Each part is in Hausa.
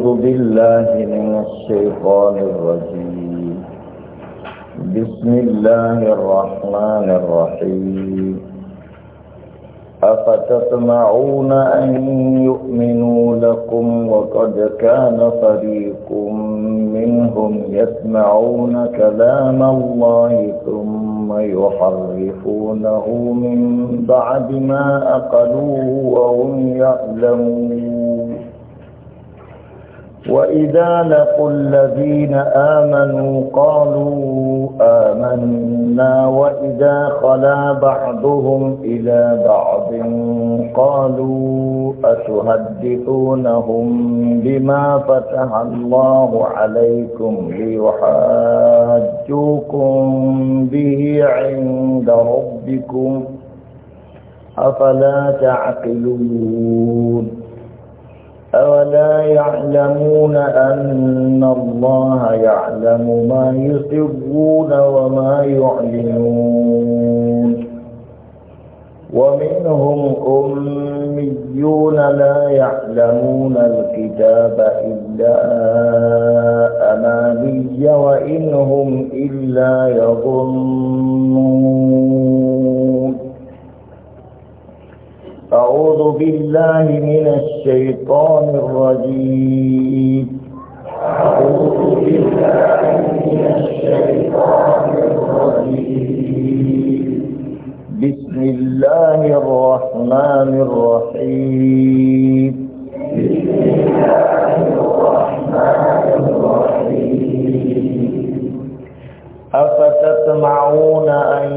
أعوذ بالله من الشيطان الرجيم بسم الله الرحمن الرحيم أفتطمعون أن يؤمنوا لكم وقد كان فريق منهم يسمعون كلام الله ثم يحرفونه من بعد ما أقلوه وهم يعلمون وإذا لقوا الذين آمنوا قالوا آمنا وإذا خلا بعضهم إلى بعض قالوا أتهدئونهم بما فتح الله عليكم ليحاجوكم به عند ربكم أفلا تعقلون أولا يعلمون أن الله يعلم ما يسرون وما يعلنون ومنهم أميون لا يعلمون الكتاب إلا أماني وإنهم إلا يظنون أعوذ بالله من الشيطان الرجيم أعوذ بالله من الشيطان الرجيم بسم الله الرحمن الرحيم بسم الله الرحمن الرحيم أفتطمعون أن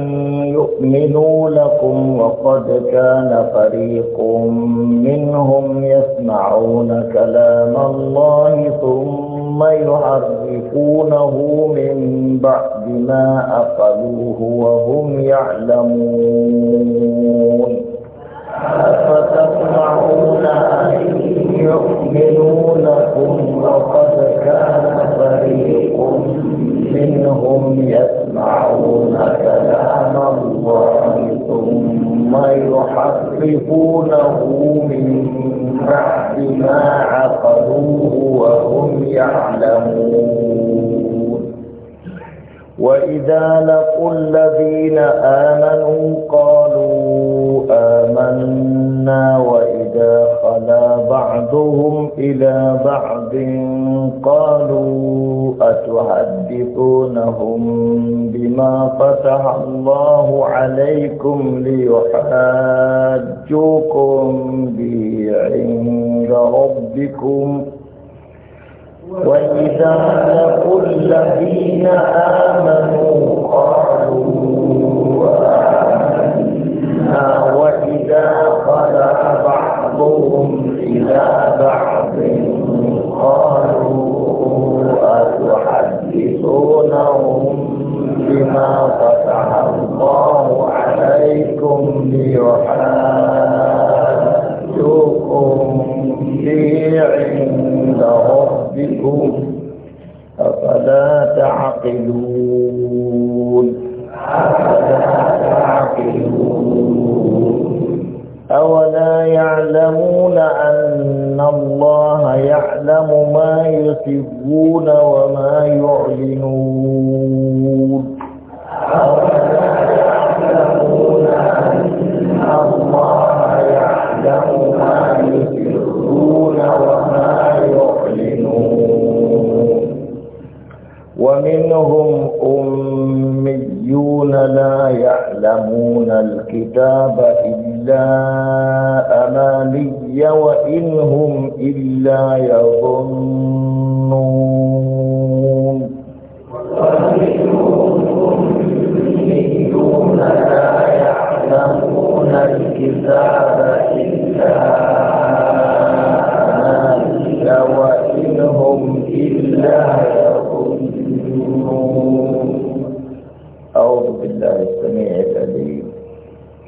يؤمنوا لكم وقد كان فريق منهم يسمعون كلام الله ثم يحرفونه من بعد ما أقلوه وهم يعلمون أفتطمعون أن يؤمنوا لكم وقد كان فريق منهم يسمعون كلام الله ثم يحرفونه من بعد ما عقلوه وهم يعلمون وإذا لقوا الذين آمنوا قالوا آمنا وإذا فأقبل بعضهم إلى بعض قالوا أتحدثونهم بما فتح الله عليكم ليحاجوكم به عند ربكم وإذا لقوا الذين آمنوا قالوا آمنا وإذا إلى بعض قالوا أتحدثونهم بما فتح الله عليكم ليحاجوكم به عند ربكم أفلا تعقلون أولا يعلمون أن الله يعلم ما يسرون وما يعلنون أولا يعلمون أن الله يعلم ما يسرون وما يعلنون ومنهم أميون لا يعلمون الكتاب إلا أماني وإن هم إلا يظنون لا يعلمون الكتاب إلا أماني وإن هم إلا يظنون أعوذ بالله السميع العليم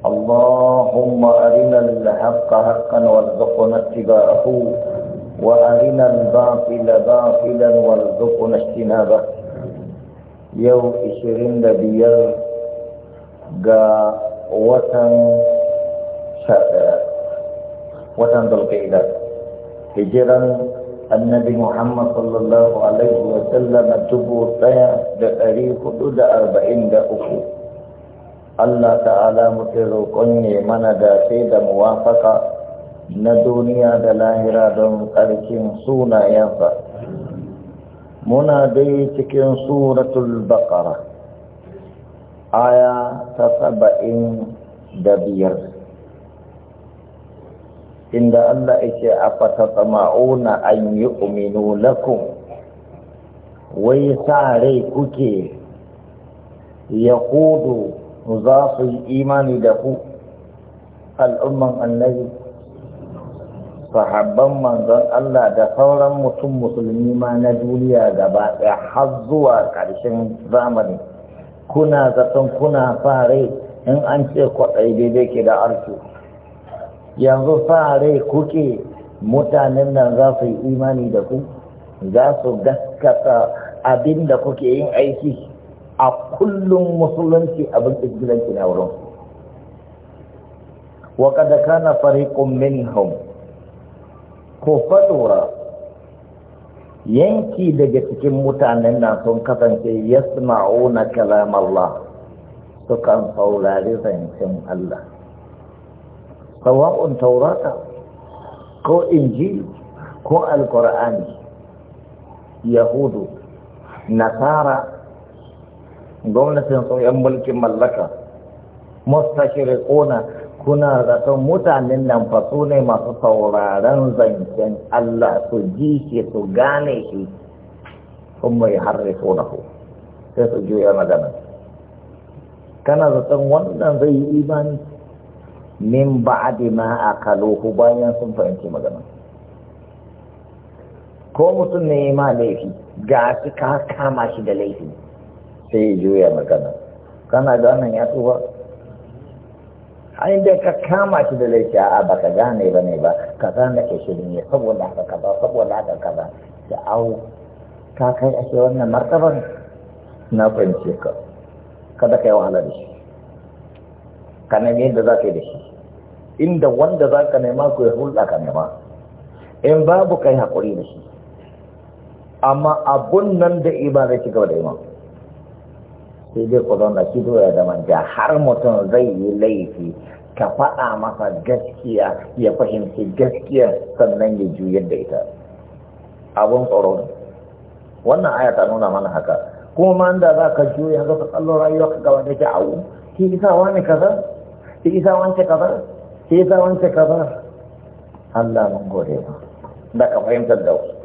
اللهم أرنا الحق حقا وارزقنا اتباعه وأرنا الباطل باطلا وارزقنا اجتنابه يو إشرين دبير غا وطن شاكرا وطن دلقيدا هجرا النبي محمد صلى الله عليه وسلم تبو طيا دقريه حدود أربعين دقفو Allah ta'ala muke roƙon ne mana da sai da muwafaka na duniya da lahira don ƙarfin sunayensa muna dai cikin suratul baqara aya ta saba'in da biyar inda Allah yake a fatatama'una an yi uminu lakum wai sa rai kuke ya ku za su yi imani da ku al'umman annabi sahabban manzon Allah da sauran mutum musulmi ma na duniya gaba ɗaya har zuwa ƙarshen zamani kuna zaton kuna fare in an ce kwaɗai daidai ke da arki yanzu fare kuke mutanen nan za su yi imani da ku za su gaskata abin da kuke yin aiki a kullum musulunci abin ƙirƙiranci na wurin wa kada kana fariqun minhum ko fadura yanki daga cikin mutanen na sun kasance yasma'una kalam Allah sukan saurari zancen Allah sawa'un taurata ko inji ko alkur'ani yahudu nasara gwamnatin sun mulkin mallaka mustashiri kona kuna zaton mutanen nan fa ne masu sauraron zancen Allah su ji shi su gane shi sun mai harri ku sai su juya magana kana zaton wannan zai yi imani min ba'adi a kaloku bayan sun fahimci magana ko mutum ne ma laifi ga shi ka kama shi da laifi sai ya juya magana kana ganin ya tsufa ai da ka kama shi da laifi a ba ka gane ba ne ba ka gane ke shi ne saboda haka ka ba saboda haka ka ba. da au ka kai ashe wannan martaban na fahimce ka kada ka yi wahala da shi ka nemi yadda za ka yi da shi inda wanda za ka nema ku ya hulɗa ka nema in babu kai haƙuri da shi amma abun nan da iba zai ci gaba da imam sai dai ku zauna shi doya da manja har mutum zai yi laifi ka faɗa masa gaskiya ya fahimci gaskiya sannan ya juyar da ita abun tsoro ne wannan aya ta nuna mana haka kuma ma da za ka juya za ka tsallon rayuwa ka gaba da awu ki isa wani kaza ki isa wance kaza ki isa wance kaza Allah mun gode ba da ka fahimtar da wasu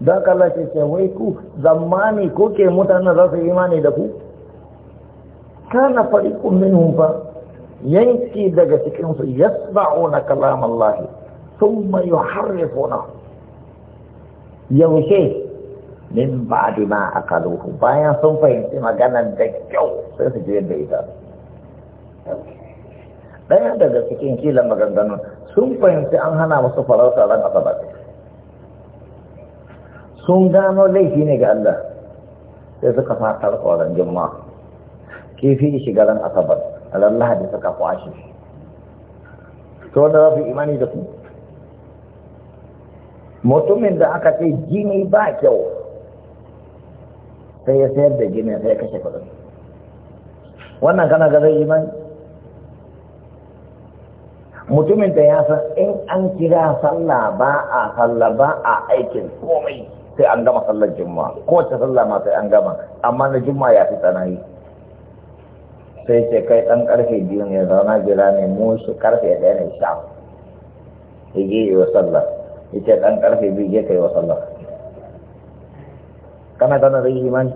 don kalla ce ce wai ku zamani ko ke mutanen za su imani da ku kana fariqun minhum fa yanki daga cikin su lafi sun mai thumma yuharrifuna yaushe min ba dima a kaluhu bayan sun fahimci magana da kyau sai su je da ita ɗaya daga cikin kila maganganu sun fahimci an hana masu farauta ran asabar sun gano laifi ne ga Allah sai suka fatar tsoron jimma kifi shiga ran asabar alallaha da suka kwashe to wanda za su imani da ku mutumin da aka ce jini ba kyau sai ya sayar da jini sai ya kashe kudin wannan kana ga zai imani mutumin da ya san in an kira sallah ba a sallah ba a aikin komai sai an gama sallar juma'a kowace sallah ma sai an gama amma na juma'a ya fi tsanani sai ce kai ɗan ƙarfe biyu ne zauna gida ne mu su ƙarfe ɗaya ne sha ya je yi wa sallah ya ce ɗan ƙarfe biyu je kai wa sallah kana tana zai yi mani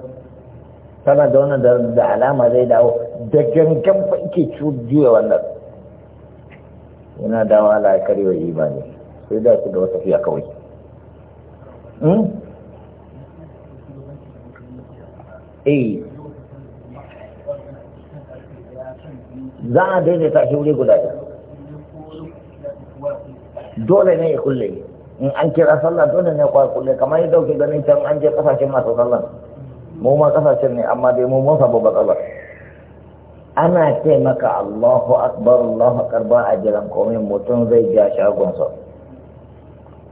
tana da wani da alama zai dawo da gangan fa ike juya wannan yana dawo ala karewa imani sai da su da wata fiya kawai hmm? eh za a daidaita shi wuri guda ɗaya dole ne ya kulle in an kira sallah dole ne ya kulle kamar yadda ke ganin can an je kasashen masu sallah mu ma kasashen ne amma dai mu mun sabo matsalar ana ce maka Allahu akbar Allahu akbar a jiran komai mutum zai ja shagonsa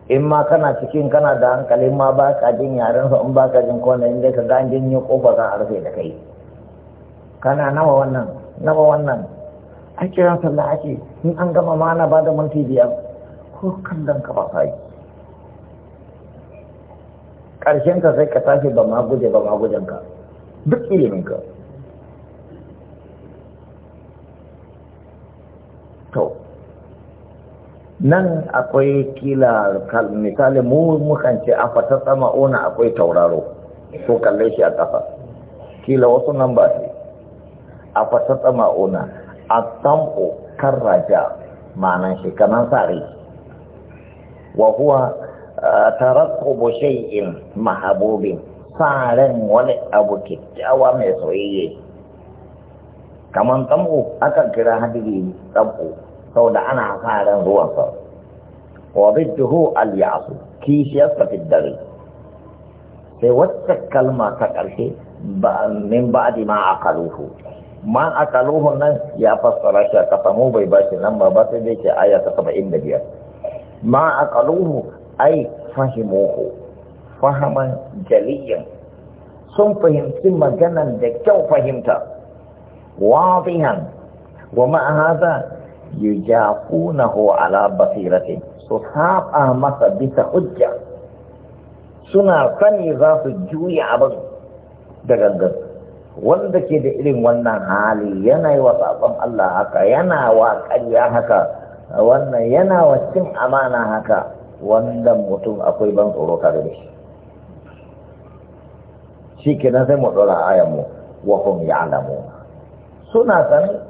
in ma kana cikin kana da hankali ma ba ka jin yaren sa in ba ka jin kona in dai ka ga jin yi kofa za a rufe da kai kana nawa wannan nawa wannan a kiran sallah ake in an gama ma na ba da minti biyar ko dan ka ba ka yi ƙarshen ka sai ka tashi ba ma guje ba ma gujen ka duk ilimin ka to nan akwai kila misali mu mukan ce a fata sama ona akwai tauraro ko kalle shi a kafa kila wasu nan ba su a fata sama ona a sam'o kan raja ma'anan shi kanan sare wa huwa tarakkubu shay'in mahabobin tsarin wani abu kyakkyawa mai soyayye kamar tsam'o akan kira hadiri tsam'o سودا انا قال هو صار وضده الياس كيس يسقط الدري سوتك كلمة تكرشي من بعد ما عقلوه ما عقلوه نن يا فسر اشا كتمو بي باش لما باتي ديك آية تطبعين دي ما عقلوه أي فهموه فهما جليا ثم فهم ثم جنن دكتو فهمت واضحا ومع هذا ho ala basirati su haɓa masa bisa hujja suna sani za su juya abin da gangan wanda ke da irin wannan hali yana yi wa sabon Allah haka yana wa ƙarya haka wannan yana wa cin amana haka wanda mutum akwai ban tsoro kare da shi shi kenan sai mu ɗora ayanmu wa hum ya'lamu suna sani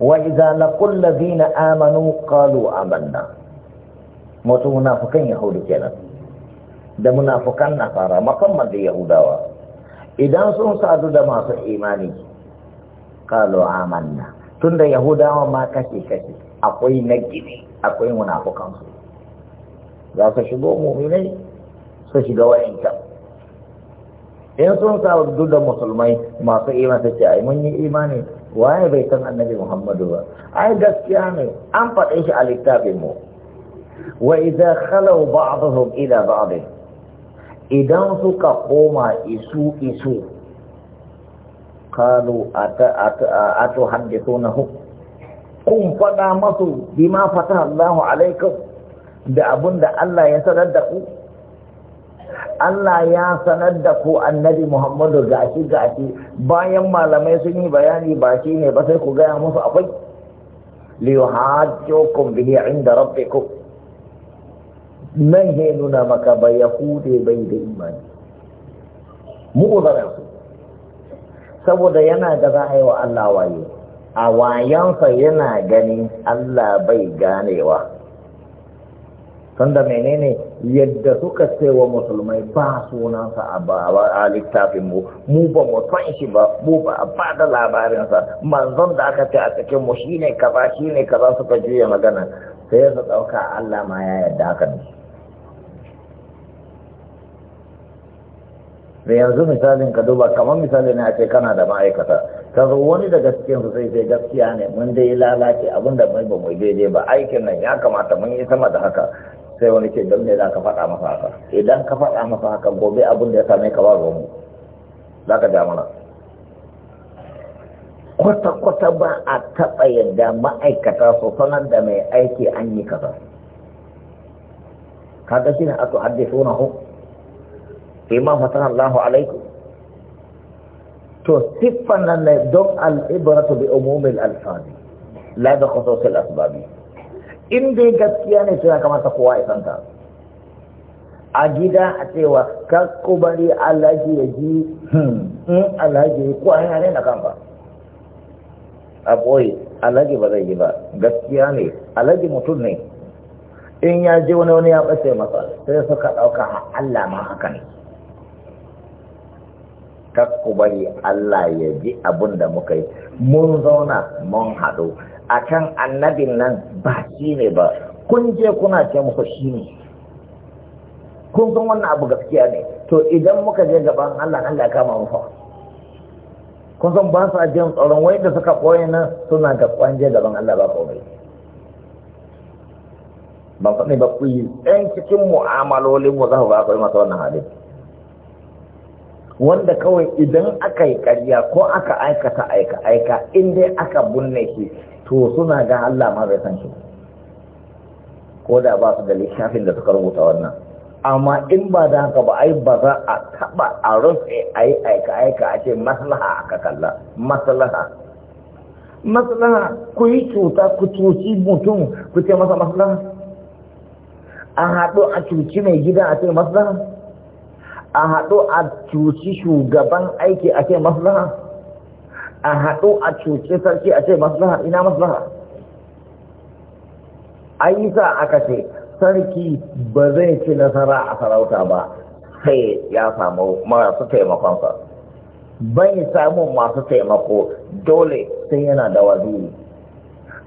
wa idza laqul ladina amanu qalu amanna wato munafukan yahudu kenan da munafukan nasara musamman da yahudawa idan sun sadu da masu imani qalu amanna tunda yahudawa ma kashe kashe akwai na gini akwai munafukan su za su shigo mu'minai su shiga wa'incan in sun sadu da musulmai masu imani su ce ai mun yi imani waye bai san annabi muhammadu ba ai gaskiya ne an faɗe shi a littafin mu wa idza khalau ba'dhum ila ba'd idan suka koma isu isu ato atu haddithunahu kun faɗa masu bima fataha Allahu alaikum da abun da Allah ya sanar da ku Allah ya sanar da ku annabi Muhammadu gashi gashi bayan malamai sun yi bayani ba shi ne ba sai ku gaya musu akwai liyuhajjukum bihi inda rabbikum nan he nuna maka ba hude bai da imani mu su saboda yana da za a yi wa Allah waye a wayansa yana ganin Allah bai ganewa sanda menene yadda suka ce wa musulmai ba sunansa a littafin mu mu ba mu san shi ba mu ba a da labarinsa manzon da aka ce a cikin mu shine kaza shine kaza suka juya magana sai su dauka Allah ma ya yadda haka ne da yanzu misalin ka duba kamar misali ne a ce kana da ma'aikata ka zo wani daga cikin su sai sai gaskiya ne mun dai lalace abin da mai ba mu daidai ba aikin nan ya kamata mun yi sama da haka sai wani ce don me za ka faɗa masa haka idan ka faɗa masa haka gobe abin da ya same ka ba mu za ka mana kwata-kwata ba a taɓa yadda ma'aikata su sanar da mai aiki an yi kaza kaga shi ne a su haddisu suna hu imam hasan allahu alaikum to siffan nan ne don al'ibaratu bi umumin alfani la da kwasosin asibabi in dai gaskiya ne suna kamata kowa ya santa a gida a cewa kakku bari alhaji ya ji hmm, in alhaji ya kuwa yana ne na kan ba a ɓoye alhaji ba zai yi ba gaskiya ne alhaji mutum ne in ya je wani wani ya ɓace masa sai suka ɗauka Allah ma haka ne kakku bari Allah ya ji abin da muka yi mun zauna mun haɗu akan annabin nan ba shi ne ba kun je kuna ce muku shi ne kun san wannan abu gaskiya ne to idan muka je gaban Allah da kama mu fa kun san ba sa jin tsoron wai da suka koyi nan suna ga kwanje gaban Allah ba komai ba fa ne ba ku yi ɗan cikin mu'amalolin mu za ku ga akwai masa wannan halin wanda kawai idan aka yi ƙarya ko aka aikata aika aika in dai aka bunne shi to suna ga Allah ma bai san shi ko da ba su da littafin da suka rubuta wannan amma in ba da haka ba ai ba za a taba a rufe a yi aika aika a ce maslaha aka kalla maslaha maslaha ku yi cuta ku cuci mutum ku ce masa maslaha a haɗu a cuci mai gida a ce maslaha a haɗu a cuci shugaban aiki a ce maslaha a haɗu a cuce sarki a ce maslaha ina maslaha sa aka ce sarki ba zai ci nasara a sarauta ba sai ya samu masu taimakonsa bai samu masu taimako dole sai yana da waziri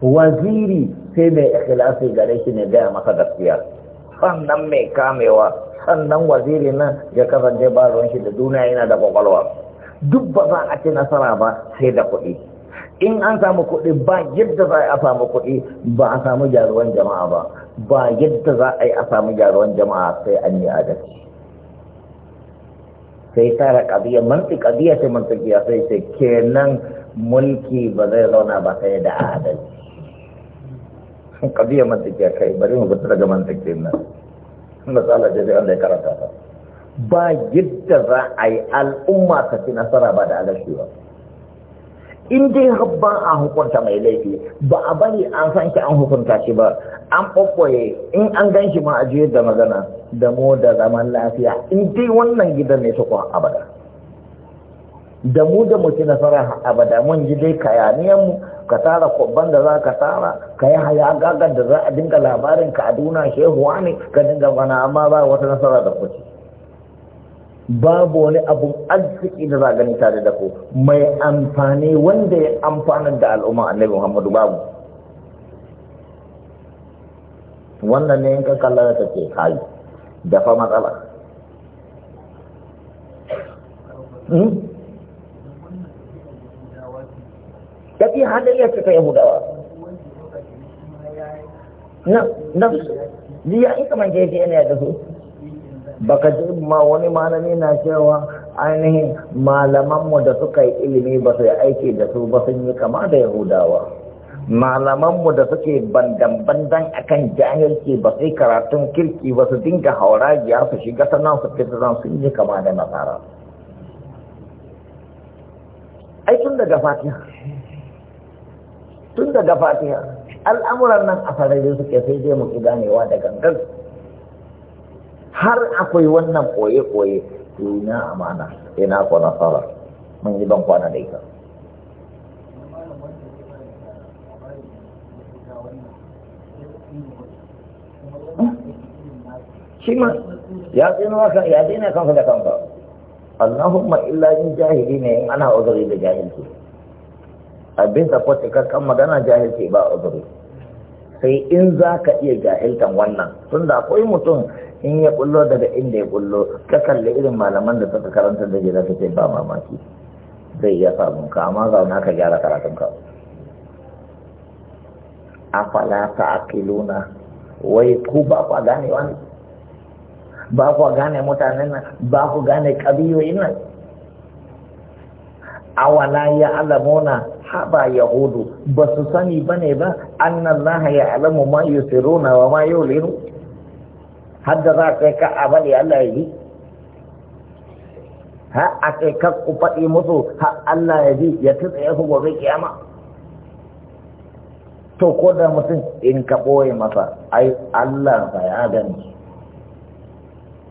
waziri sai mai ikhlasi gare shi ne gaya masa gaskiya sannan mai kamewa sannan waziri nan ya kasance ba ruwan shi da duniya yana da kwakwalwa duk ba za a ci nasara ba sai da kuɗi in an samu kuɗi ba yadda za a yi a samu kuɗi ba a samu gyaruwan jama'a ba ba yadda za a yi a samu gyaruwan jama'a sai an yi adalci sai tara ƙabiyar manti ƙabiyar ce mantikiya sai ce kenan mulki ba zai zauna ba sai da adalci ƙabiyar mantikiya kai bari mu fita daga mantikin nan Allah ta Allah jabi ya karanta ta ba yadda za a yi al'umma ta fi nasara ba da alashi ba in dai habban an hukunta mai laifi ba a bari an san ki an hukunta shi ba an ɓoɓɓoye in an gan shi ma a juyar da magana da mu da zaman lafiya in dai wannan gidan ne tukun abada da mu da mu ci nasara abada mun ji dai kayaniyan mu ka tara kwabban da za ka tara ka yi haya da za a dinga labarin ka a duna shehuwa ne ka dinga bana amma ba wata nasara da kuci babu wani abun arziki da za gani tare da ku mai amfani wanda ya amfanar da al'umma annabi muhammadu babu wannan ne yankan kalla ta take kai da fa matsala tafi hmm? hadin ya cika yahudawa na na ya yi kamar jeji ne yadda su baka ji ma wani malami na cewa ainihin malamanmu da suka yi ilimi ba su yi aiki da su ba sun yi kama da yahudawa malamanmu da suke bandan-bandan akan jahilci ba su yi karatun kirki ba su dinga hauragiya su shiga sannan su fitaran sun yi kama da nasara ai tun daga fatiha tun daga fatiha al'amuran nan a farare suke sai dai mu ganewa da gangan har akwai wannan koye-koye ina amana ina ko nasara mun yi ban kwana da ita shi ma ya tsina kan ya tsina kanka da kanka Allahumma illa in jahili ne in ana uzuri da jahilci abin da kwace kakkan magana jahilci ba uzuri sai in za ka iya jahiltan wannan tun da akwai mutum in ya bullo daga inda ya bullo ka kalli irin malaman da suka karanta da gida ta ce ba mamaki zai iya samun ka amma zauna ka gyara karatun ka afala ta akiluna wai ku ba kwa gane wani ba kwa gane mutanen nan ba ku gane kabiyoyin nan awala ya alamuna haba yahudu ba su sani bane ba annallaha ya alamu ma yusiruna wa ma yulinu har da za ka yi ka amali Allah ya ji Ha a kai ka ku faɗi musu har Allah ya ji ya tutsaye su gobe kiyama to ko da mutum in ka ɓoye masa ai Allah ba ya gani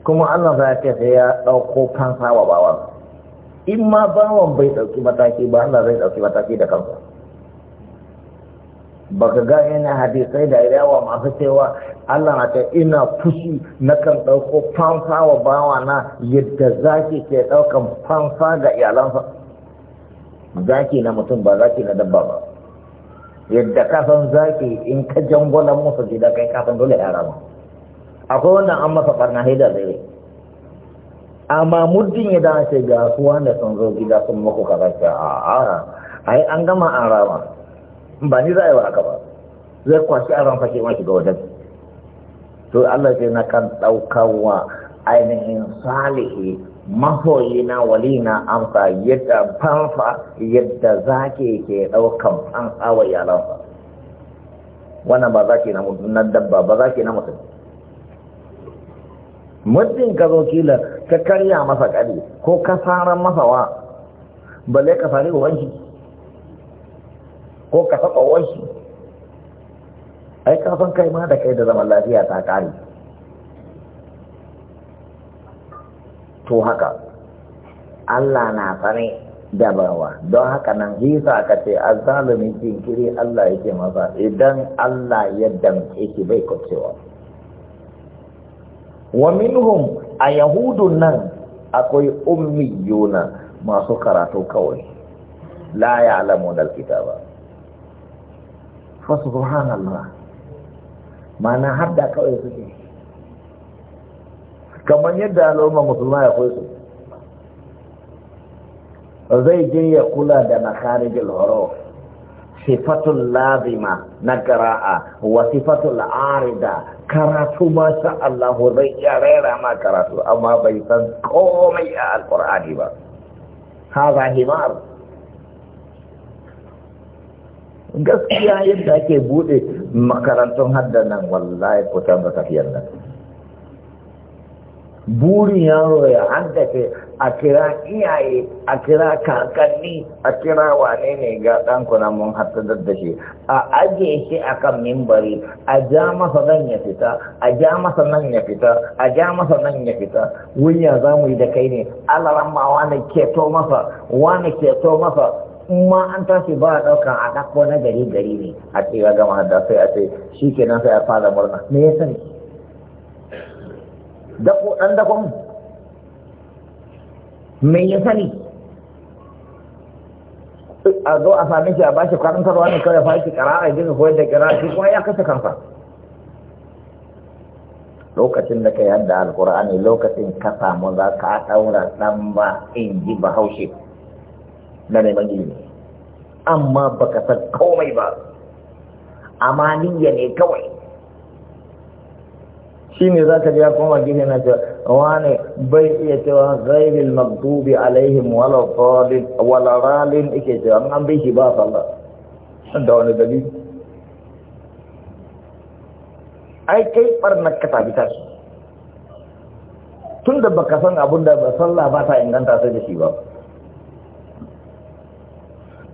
kuma Allah sa ya ce sai ya ɗauko fansa wa bawan in ma bawan bai ɗauki mataki ba Allah zai ɗauki mataki da kansa baka ga yana hadisai da yawa masu cewa Allah na ta ina fushi na kan ɗauko fansa wa bawa na yadda zaki ke ɗaukan fansa ga iyalansa zaki na mutum ba zaki na dabba ba yadda ka san zaki in ka jangwalan musu gida kai ka san dole yara rama akwai wannan an masa farna haida zai amma muddin ya dace ga suwa da sun zo gida sun muku kaza a a ai an gama an rama ba ni za a yi wa haka ba zai kwashi a ranfa ke ma shiga wajen to Allah ce na kan ɗaukawa ainihin salihi mahoyina walina amsa yadda fanfa yadda zake ke ɗaukan an awa yaransa wannan ba zake na mutum na dabba ba zake na mutum muddin ka zo kila ka karya masa kari ko ka saran masa wa balle ka fari uban ko ka saba wasu ai ka san kai ma da kai da zaman lafiya ta kare to haka Allah na tsare da bawa don haka nan hisa ka ce azzalumin jinkiri Allah yake masa idan Allah ya damce ki bai kwacewa wa minhum a yahudun nan akwai ummiyuna masu karatu kawai la ya alamu dal kitaba fa subhanallah mana hadda kawai suke kamar yadda al'umma musulma ya su zai je ya kula da makarijin horo sifatul lazima na kara'a wa sifatul arida karatu masha Allah zai iya rera ma karatu amma bai san komai a alkur'ani ba haza himar gaskiya yadda ake bude makarantun hadda nan wallahi kusan ba tafiyar nan burin yaro ya haddace a kira iyaye a kira kakanni a kira wane ne ga ɗanku mun haddadar da shi a ajiye shi a kan mimbari a ja masa nan ya fita a ja masa nan ya fita a ja masa nan ya fita wuya za mu yi da kai ne Allah ma wane keto masa wane keto masa in ma an tashi ba a ɗaukan a ɗako na gari gari ne a ce ya gama da sai a ce shi ke nan sai a fara murna me ya sani dako ɗan dakon me ya sani a zo a sami shi a bashi karantarwa ne kawai fa shi a jin koyar da kira shi kuma ya kashe kansa lokacin da ka yadda alkur'ani lokacin ka samu za ka ɗaura ɗan ba in ji bahaushe na neman ilimi amma baka san komai ba amaniya ne kawai shi ne za ka ya koma gini na ce wane bai iya cewa ghairil magdubi alaihim wala ralin ike cewa an bai shi ba sallah da wani dalil? ai kai barnar ka tafi tashi tun da baka san abun da sallah ba ta inganta sai da shi ba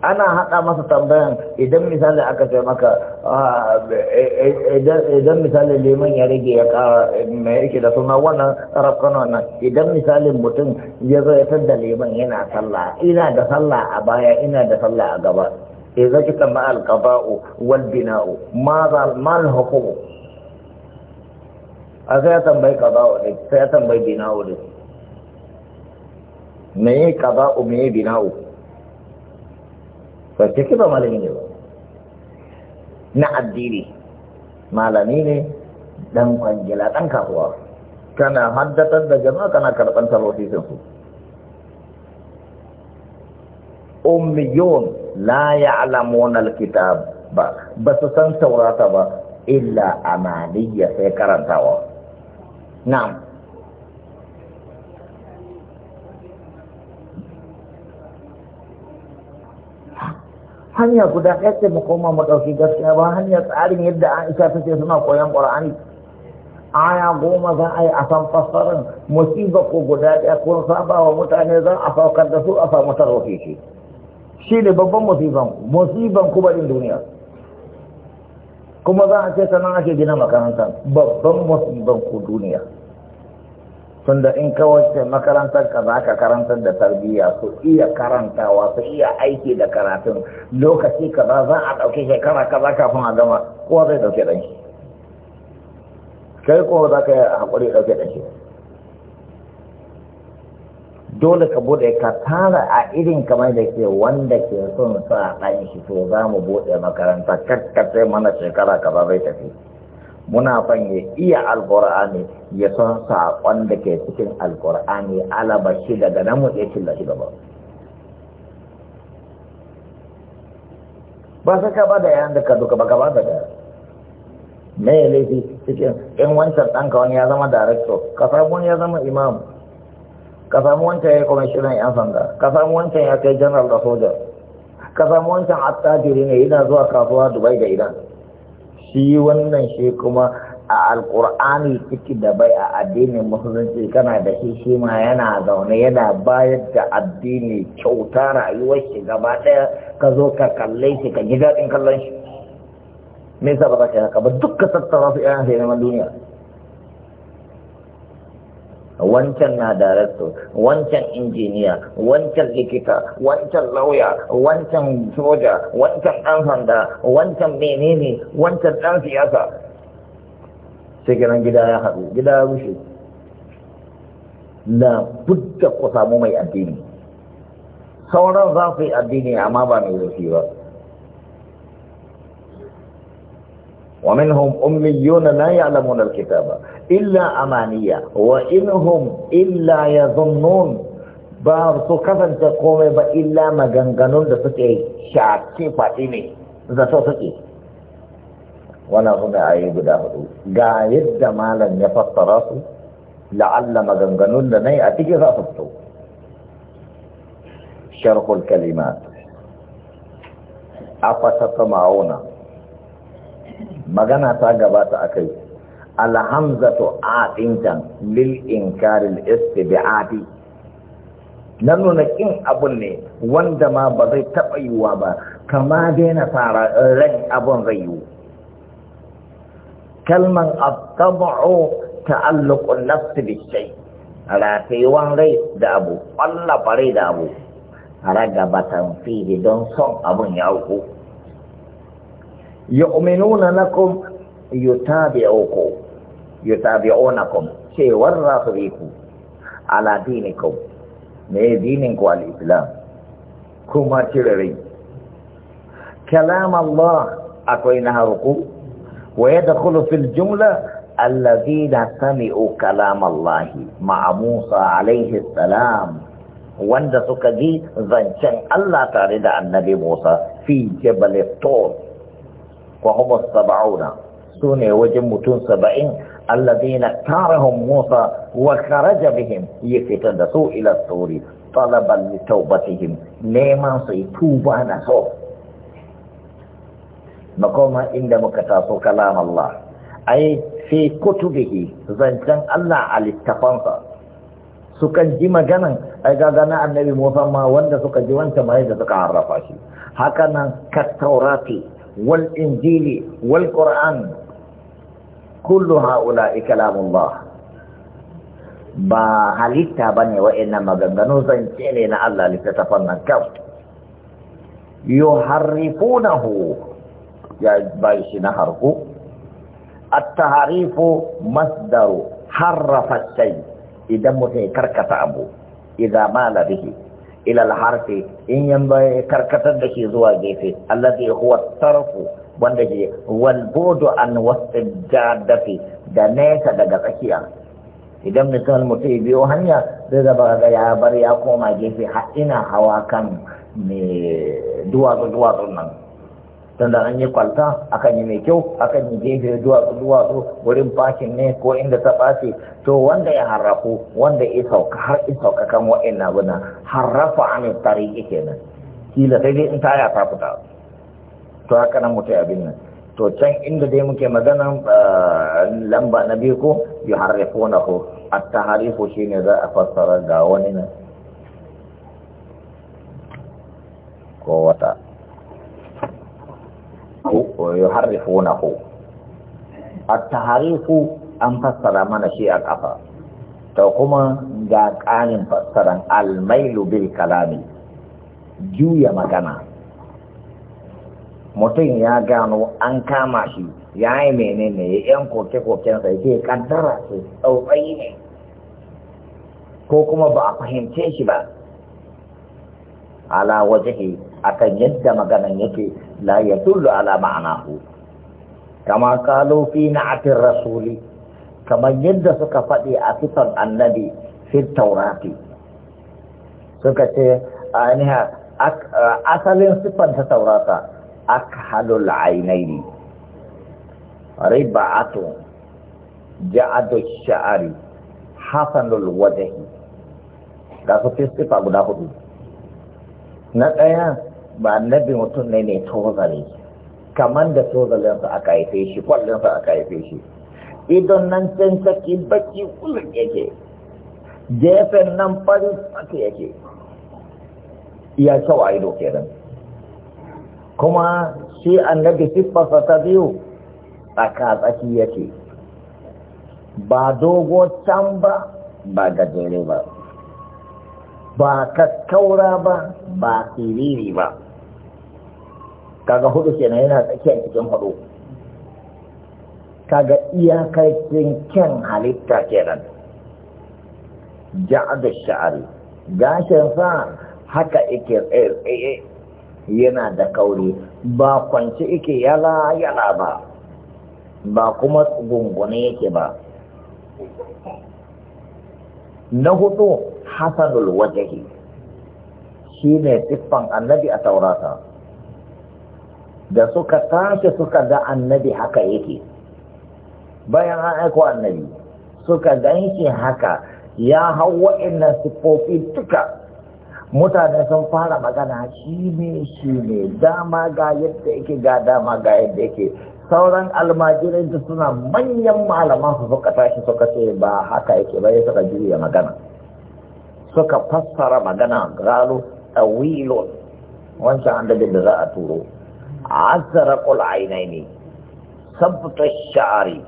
ana haɗa masa tambayan idan misali aka ce maka ah, e, e, idan misali liman ya rage ya ƙara mai yake da suna wannan rafkan wannan idan misalin mutum ya zo ya da liman yana sallah ina da sallah a baya ina da sallah a gaba إذا A القضاء ya tambayi ما ne, أذا ya tambayi لك ne. Me yi مي me yi بناء keke ba malami ne ba na addini malami ne dan kwangila dan kasuwa kana haddatar da jama'a kana karɓar talofifin su ummiyun la ya'lamuna alkitab ba ba su san taurata ba illa amaliya sai karantawa na'am hanya guda ɗaya ce mu koma mu ɗauki gaskiya ba hanyar tsarin yadda an ta ce suna koyan Qur'ani aya goma za a yi a san fassarar musiba ko guda ɗaya ko saba wa mutane za a saukar da su a samu tarwafi shi shi ne babban musiban musiban kubarin duniya kuma za a ce sanan ake gina makarantar babban musiban ku duniya tunda in ka wace makarantar ka za ka karantar da tarbiyya su iya karantawa su iya aiki da karatun lokaci ka za za a ɗauki shekara ka za kafin a gama kowa zai ɗauke ɗan shi kai kowa za ka yi haƙuri ɗauke ɗan shi dole ka bude ka tara a irin kamar da ke wanda ke son sa ɗan shi to za mu bude makaranta kakkace mana shekara kaza zai tafi muna ya iya alkur'ani ya san saƙon da ke cikin alkur'ani alaba shi daga nan mu ya cilla shi gaba ba sai ka ba da yan da ka duka ba ka ba da ga me ya laifi cikin in wancan ɗanka wani ya zama director ka samu ya zama imam ka samu wancan ya yi kwamishinan yan sanda ka samu wancan ya kai janar da soja ka samu wancan attajiri ne yana zuwa kasuwa dubai da idan shi wannan shi kuma a alkur'ani ciki da bai a addinin musulunci kana da shi shi ma yana zaune yana bayar da addini kyauta rayuwar shi gaba ɗaya ka zo ka kalle shi ka gida daɗin kallon shi me yasa ba za ka yi haka ba duk ka tattara su yana sai neman duniya wancan na darakto wancan injiniya wancan likita wancan lauya wancan soja wancan ɗan sanda wancan menene wancan ɗan siyasa sai kiran gida ya haɗu gida ya rushe na budda ku samu mai addini sauran za su yi addini amma ba mai rufi ba ومنهم أميون لا يعلمون الكتاب إلا أمانية وإنهم إلا يظنون بارتو كفن تقوم با إلا مغنغنون لسكي شاكي فاتيني زسو سكي وانا هنا عيب داهدو قايد دمالا يفطرات راسو لعل مغنغنون لني أتيكي راسو شرق الكلمات أفا تطمعونا magana ta gabata a kai alhamzatu a ɗinkan lil inkaril istibi'ati na nuna kin abun ne wanda ma ba zai taɓa yiwuwa ba kama daina fara ran abun zai yiwu kalman attabu ta'alluqun nafsi bishai ratayuwan rai da abu ƙwallafa rai da abu ragabatan fili don son abun ya auku yu'minuna lakum yutabi'ukum yutabi'unakum cewar rasuliku ala dinikum ne dinin ku al-islam kuma cirare kalam Allah akwai na harku wa yadkhulu fil jumla alladhina sami'u kalam Allah ma'a Musa alayhi salam wanda suka ji zancen Allah tare da annabi Musa fi jabal Tur wa hum sune wajen mutum saba'in alladhina tarahum Musa wa kharaja bihim yafita da su ila tsuri talaban li taubatihim neman su tuba da so makoma inda muka taso kalam Allah ai fi kutubihi zancen Allah a littafansa sukan ji maganan ai ga na annabi Musa ma wanda suka ji wancan mai da suka harrafa shi haka nan ka والإنجيل والقرآن كل هؤلاء كلام الله با حاليتا بني وإنما بنغنوزا انتعلينا الله لتتفنن كو يحرفونه يا بايش نحرق التحريف مصدر حرف الشيء إذا متكركة أبو إذا مال به ilal harfi in yan bai karkatar da ke zuwa gefe allazi huwa tarfu wanda ke wal budu an jadafi da nesa daga tsakiya idan misal mutum biyo hanya zai zaba ga ya bar ya koma gefe har ina hawa kan me duwatsu duwatsun nan tunda an yi kwalta akan yi mai kyau akan yi gefe duwatsu duwatsu wurin fakin ne ko inda ta ɓace to wanda ya harrafu wanda ya sauka har ya sauka kan wa'in na buna harrafa an tariki kenan kila sai dai in ta ya fita to haka nan mutu abin nan to can inda dai muke magana eh, lamba na biyu ko yi harrafu na ko a shi shine za a fassara ga wani nan ko wata yuharrifunahu at-tahrifu an fassara mana shi a kafa to kuma ga ƙarin fassaran al-mailu bil kalami juya magana mutum ya gano an kama shi ya yi menene ya yan koke koken sai ke kaddara su tsautsayi ne ko kuma ba a fahimce shi ba ala wajahi akan yadda maganan yake la yadullu ala ma'anahu kama qalu fi na'atir rasuli kamar yadda suka faɗi a fitar annabi fi taurati suka ce asalin siffar ta taurata akhalul ainaini riba'atu ja'adu sha'ari hasanul wajhi ga su fi guda hudu na ɗaya ba annabi mutum ne mai tozali kamar da tozalinsa aka haife shi kwallinsa aka haife shi idan nan can saki baki kullum yake gefen nan fari saki yake iya shawa ido kenan kuma shi annabi siffarsa ta biyu a katsaki yake ba dogo can ba ba gajere ba ba kakkaura ba ba siriri ba kaga hudu kenan yana tsakiya cikin hudu kaga iyakar kyan halitta kenan ja'ad sha'ari gashin sa haka yake tsaye yana da kauri ba kwance yake yala yala ba ba kuma gungune yake ba na hudu hasanul wajahi shine siffan annabi a taurata da suka tashe suka ga annabi haka yake bayan an aiko annabi suka ganshi haka ya hau wa'annan siffofi duka mutane sun fara magana shi ne shi ne dama ga yadda yake ga dama ga yadda yake sauran almajirai da suna manyan malaman su suka tashi suka ce ba haka yake ba ya suka juya magana suka fassara magana a tawilon wancan an da za a turo azraq al-ainaini sabt ash-sha'ri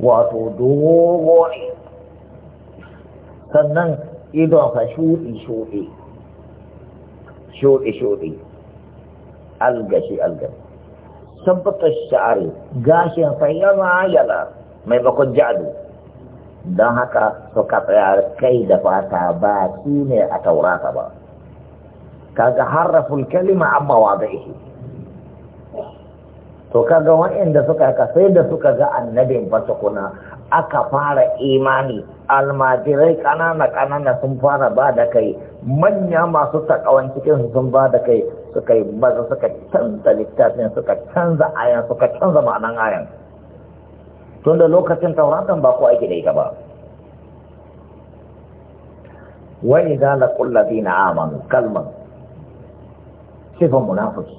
wato dogo ne sannan idon sa shudi shudi shudi shudi algashi algashi sabt sha'ari, shari gashin sa yana yana mai bakon jadu don haka suka tsaya kai da fata ba shi ne a taurata ba kaga harraful kalima amma wa da ihe to kaga wa'anda suka ka sai da suka ga annabin tukuna aka fara imani almajirai kanana kanana sun fara ba da kai manya masu takawan cikin sun ba da kai suka yi baza suka canza littafin suka canza ayan suka canza ma'anan ayan tun da lokacin tauratan ba ko aiki da ita ba wa idza laqul na amanu kalman sifan munafiki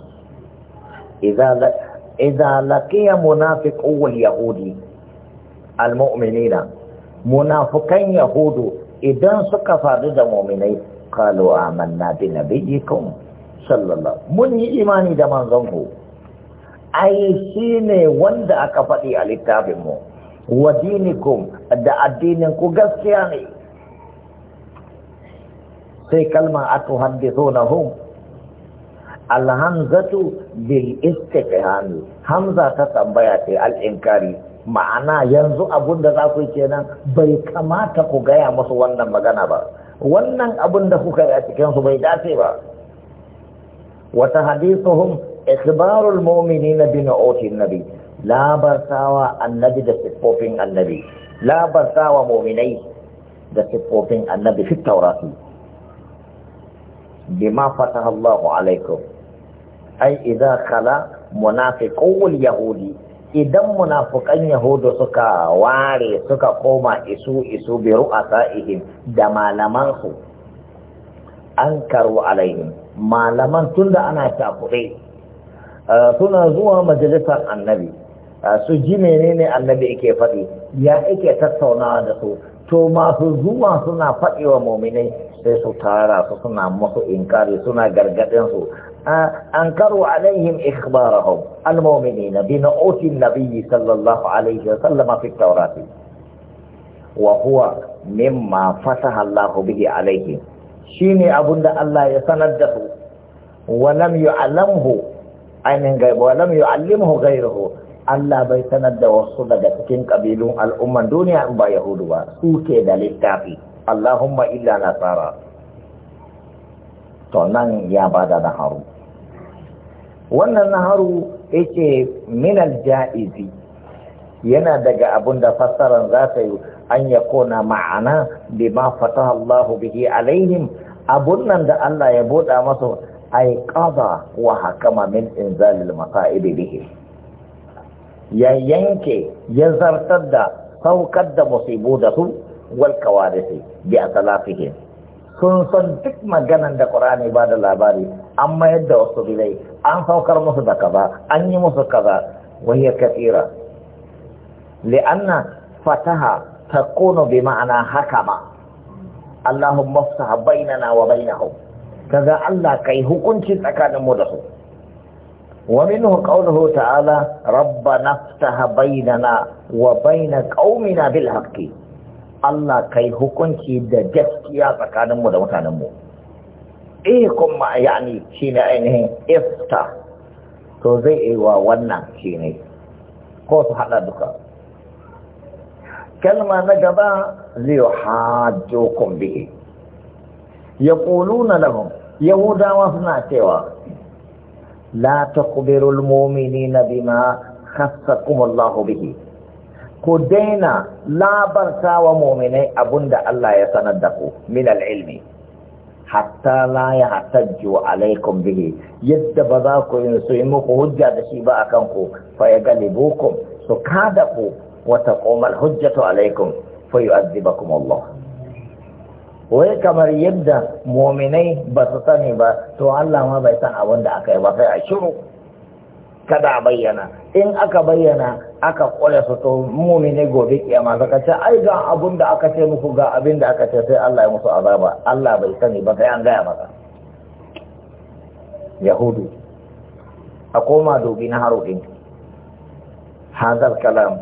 idza idza laqiya munafiqu wal yahudi al mu'minina munafikan yahudu idan suka faru da mu'minai qalu amanna bi nabiyyikum sallallahu mun yi imani da manzonku ai ne wanda aka faɗi a littafin mu wa dinikum da addininku gaskiya ne sai kalma atuhaddithunahum alhamzatu bil istiqam hamza ta tambaya ce al inkari ma'ana yanzu abun da za ku yi kenan bai kamata ku gaya musu wannan magana ba wannan abun da kuka yi a cikin su bai dace ba wata hadithuhum ikhbarul mu'minina bi nu'utin nabi barsawa annabi da siffofin annabi barsawa mu'minai da siffofin annabi fi tawrati bima fataha Allahu alaikum ai idan kala munafiqul yahudi idan munafukan yahudu suka ware suka koma isu isu bi ru'asaihim da malaman su an karu alaihim malaman tunda ana takuɗe eh, suna zuwa majalisar annabi eh, su ji menene annabi yake faɗi ya yake tattaunawa da su to masu zuwa suna faɗi wa mominai sai su tara su suna musu inkari suna gargaɗin su أنكروا عليهم إخبارهم المؤمنين بنعوت النبي صلى الله عليه وسلم في التوراة وهو مما فتح الله به عليهم شيني أبن الله يسنده ولم يعلمه أي من غيره ولم يعلمه غيره Allah bai sanar da wasu daga cikin ƙabilun al'umman duniya in ba Yahudu ba, su ke da littafi, Allahumma illa nasara. To nan ya bada da haru. wannan naharu yake minal ja'izi yana daga abun da fassaran za ta yi an ya kona ma'ana bi ma fataha Allah bihi alaihim abun nan da Allah ya buɗa masa ay qada wa hakama min inzalil masa'ib bihi ya yanke ya zartar da saukar da musibu da su wal kawarisi bi asalafihim sun san duk maganan da Qur'ani ba da labari an mayar da wasu bilai an saukar musu da kaza an yi musu kaza wahiyar kafira li'anna fataha takunu bi ma'ana haka ba Allahumma ftaha bainana wa bainahum za Allah kai hukunci tsakanin mu da su ومنه قوله na ربنا افتح بيننا وبين قومنا بالحق الله كي hukunci da gaskiya tsakaninmu da mutanenmu ihkum ma yani shine ainihin ifta to zai yi wa wannan shine ko su hada duka kalma na gaba zai hajjukum bihi yaquluna lahum yahudawa suna cewa la taqbirul mu'minina bima khassakum Allahu bihi ku daina labarta wa mu'minai abunda Allah ya sanar da ku min al-ilmi hatta la ya hatajju alaikum bihi yadda ba za ku yi su yi muku hujja da shi ba a kanku fa ya galibukum su kada ku wata komal hujjatu alaikum fa yu'azzibakum Allah wai kamar yadda muminai ba su sani ba to Allah ma bai san abin da aka yi ba sai a shiru kada a bayyana in aka bayyana aka kore su to ne gobe kiyama zaka ce ai ga abun da aka ce muku ga abin da aka ce sai Allah ya musu azaba Allah bai sani ba sai an gaya maka yahudu a koma dobi na haro din hadar kalam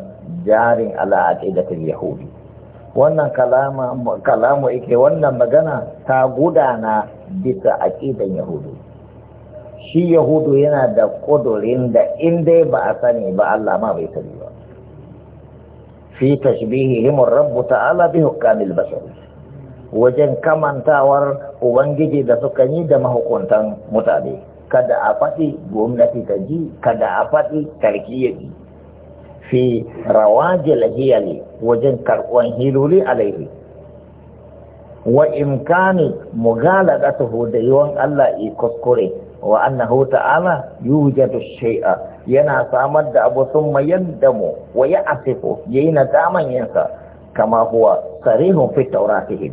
jarin ala aqidatil yahudi wannan kalama kalamu yake wannan magana ta gudana bisa aqidan yahudi shi yahudu yana da kudurin da inda dai ba a sani ba Allah ma bai sani ba fi tashbihi himar rabbu ta'ala bi hukamil bashar wajen kamantawar ubangiji da suka yi da mahukuntan mutane kada a faɗi gwamnati ta ji kada a faɗi karki ya ji fi rawajil hiyali wajen karɓuwan hiloli alaihi wa imkani mugalaqatuhu da yawan Allah i kuskure wa annahu ta'ala yujadu shay'a yana samar da abu thumma yandamu wa ya'sifu yayi nadaman yansa kama huwa sarihun fi tawratihim